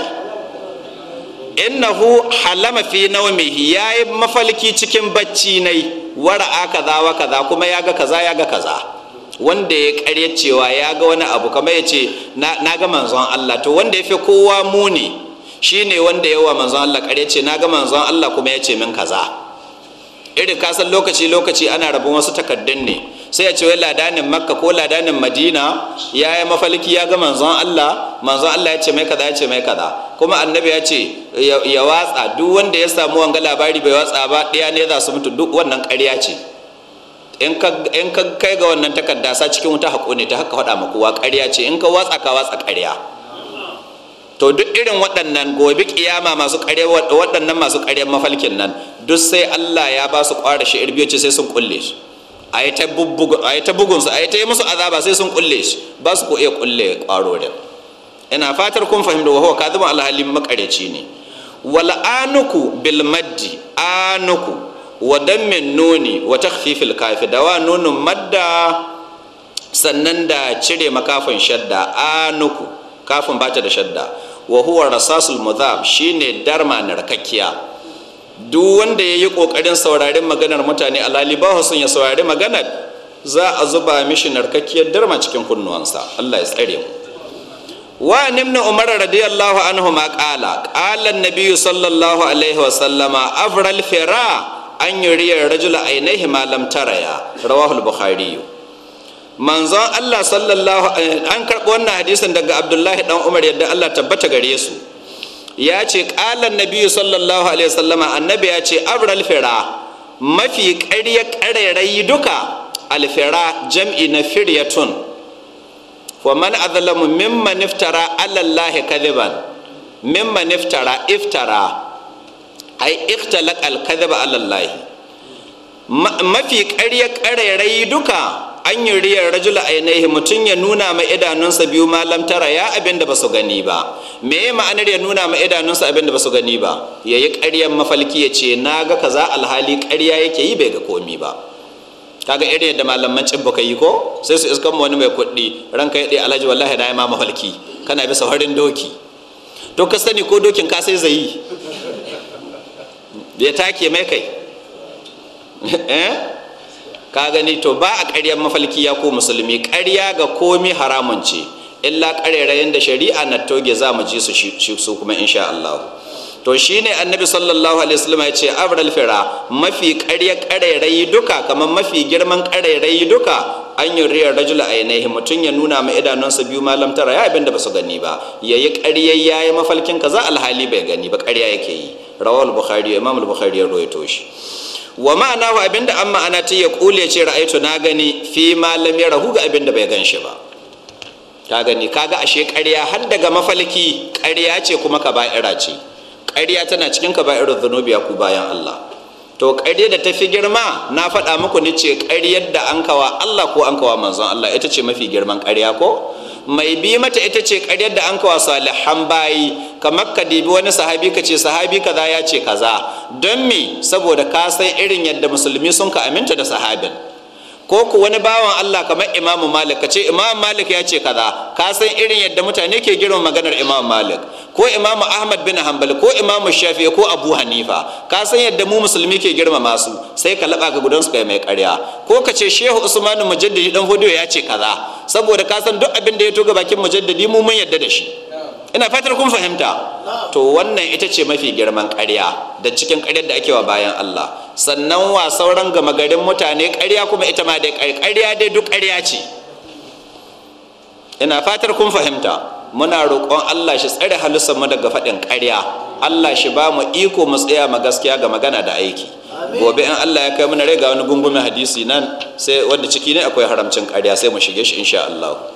innahu halama fi naumihi yayi mafalki cikin bacci nai wara'a kaza wa kaza kuma yaga kaza yaga kaza wanda ya karya cewa ya ga wani abu kamar yace na ga manzon Allah to wanda ya fi kowa muni shine wanda yawa manzon Allah kare ce na ga manzon Allah kuma ya ce min kaza iri ka san lokaci lokaci ana rabon wasu takaddun ne sai ya ce wai ladanin makka ko ladanin madina ya yi mafalki ya ga manzon Allah manzon Allah ya ce mai kaza ya ce mai kaza kuma annabi ya ce ya watsa duk wanda ya samu wanga labari bai watsa ba ɗaya ne za su mutu duk wannan ƙarya ce in ka kai ga wannan takarda sa cikin wuta haƙo ne ta haka faɗa ma kowa ƙarya ce in ka watsa ka watsa ƙarya to duk irin waɗannan gobe ƙiyama masu ƙare waɗannan masu ƙaryen mafalkin nan duk sai Allah ya ba su ƙwara shi irbiyoci sai sun kulle shi a yi ta bugun su a yi ta musu azaba sai sun kulle shi ba su ko iya kulle ƙwaro da ina fatar kun fahimta wa huwa kadhibun alhali makareci ne wal anuku bil maddi anuku wa dammin nuni wa takhfifil kafi dawa nunun madda sannan da cire makafin shadda anuku kafin bata da shadda wa huwa rasasul mudhab shine darma narkakkiya duk wanda yayi kokarin saurarin maganar mutane alali ba sun ya saurari maganar za a zuba mishi narkakkiyar darma cikin kunnuwansa Allah ya tsare mu wa nimna umar radiyallahu anhu ma qala qala an-nabiy sallallahu alaihi wa sallama afral fira an yuriya rajula ainihi malam taraya rawahu bukhari manzon Allah sallallahu an karɓi wannan hadisin daga Abdullahi dan Umar yadda Allah tabbata gare su ya ce ƙalan nabi sallallahu alaihi wasallama annabi ya ce abral fira mafi ƙarya ƙarairayi duka alfira jam'i na firyatun wa man azlamu mimman iftara alallahi kadiban mimman iftara iftara ai ikhtalaq alkadhib alallahi mafi ƙarya ƙarairayi duka an yi riyar rajula ainihi mutum ya nuna ma idanunsa biyu malam tara ya abin da ba su gani ba me ma'anar ya nuna ma idanunsa abin da ba su gani ba ya yi ƙaryar mafalki ya ce na ga kaza alhali ƙarya yake yi bai ga komi ba kaga irin yadda malaman cibba ka yi ko sai su iskan wani mai kuɗi ranka ya ɗaya alhaji wallahi na yi ma mafalki kana bisa harin doki to ka sani ko dokin ka sai zai ya take mai kai (laughs) eh? ka gani to ba a ƙaryar mafalki ya ko musulmi ƙarya ga komi haramun ce illa ƙarerayen da shari'a na toge za mu ji su su kuma insha Allah to shine annabi sallallahu alaihi wasallam ya ce abral fira mafi ƙarya ƙarerayi duka kamar mafi girman ƙarerayi duka an yi riyar rajula a yanayi mutum ya nuna ma idanunsa biyu malam tara ya abin da ba su gani ba ya yi ƙarya ya yi mafalkin kaza alhali bai gani ba ƙarya yake yi rawal bukhari imam bukhari ya roito shi wa ma'anahu abinda an ma'ana ta ya kule ce ra'aitu na gani fi malam ya rahu ga abinda bai gan shi ba ka gani kaga ashe ƙarya har daga mafalki ƙarya ce kuma kaba'ira ce ƙarya tana cikin kaba'irar zunubiya ku bayan Allah to ƙarya da ta fi girma na faɗa muku ni ce ƙaryar da an kawa Allah ko an kawa manzon Allah ita ce mafi girman ƙarya ko mai bi mata ita ce karyar da an kawa salihan bayi kamar ka dibi wani sahabi ka ce sahabi kaza ya ce kaza don me saboda ka san irin yadda musulmi sun ka aminta da sahabin ko ku wani bawan Allah kamar Imam Malik ka ce Imam Malik ya ce kaza ka san irin yadda mutane ke girma maganar Imam Malik ko Imam Ahmad bin Hanbal ko Imam Shafi'i ko Abu Hanifa ka san yadda mu musulmi ke girma masu sai ka laba ka gudan su kai mai ƙarya ko ka ce Shehu Usman Mujaddidi dan Hudu ya ce kaza saboda ka san duk abin da ya toga bakin Mujaddidi mu mun yadda da shi ina fatar kun fahimta to wannan ita ce mafi girman ƙarya da cikin ƙaryar da ake wa bayan Allah sannan wa sauran gama garin mutane ƙarya kuma ita ma dai ƙarya dai duk ƙarya ce ina fatar kun fahimta muna roƙon Allah shi tsare halittar mu daga faɗin ƙarya Allah shi ba mu iko mu tsaya ma gaskiya ga magana da aiki gobe in Allah ya kai mana rai ga wani gungumin hadisi nan sai wanda ciki ne akwai haramcin ƙarya sai mu shige shi insha Allah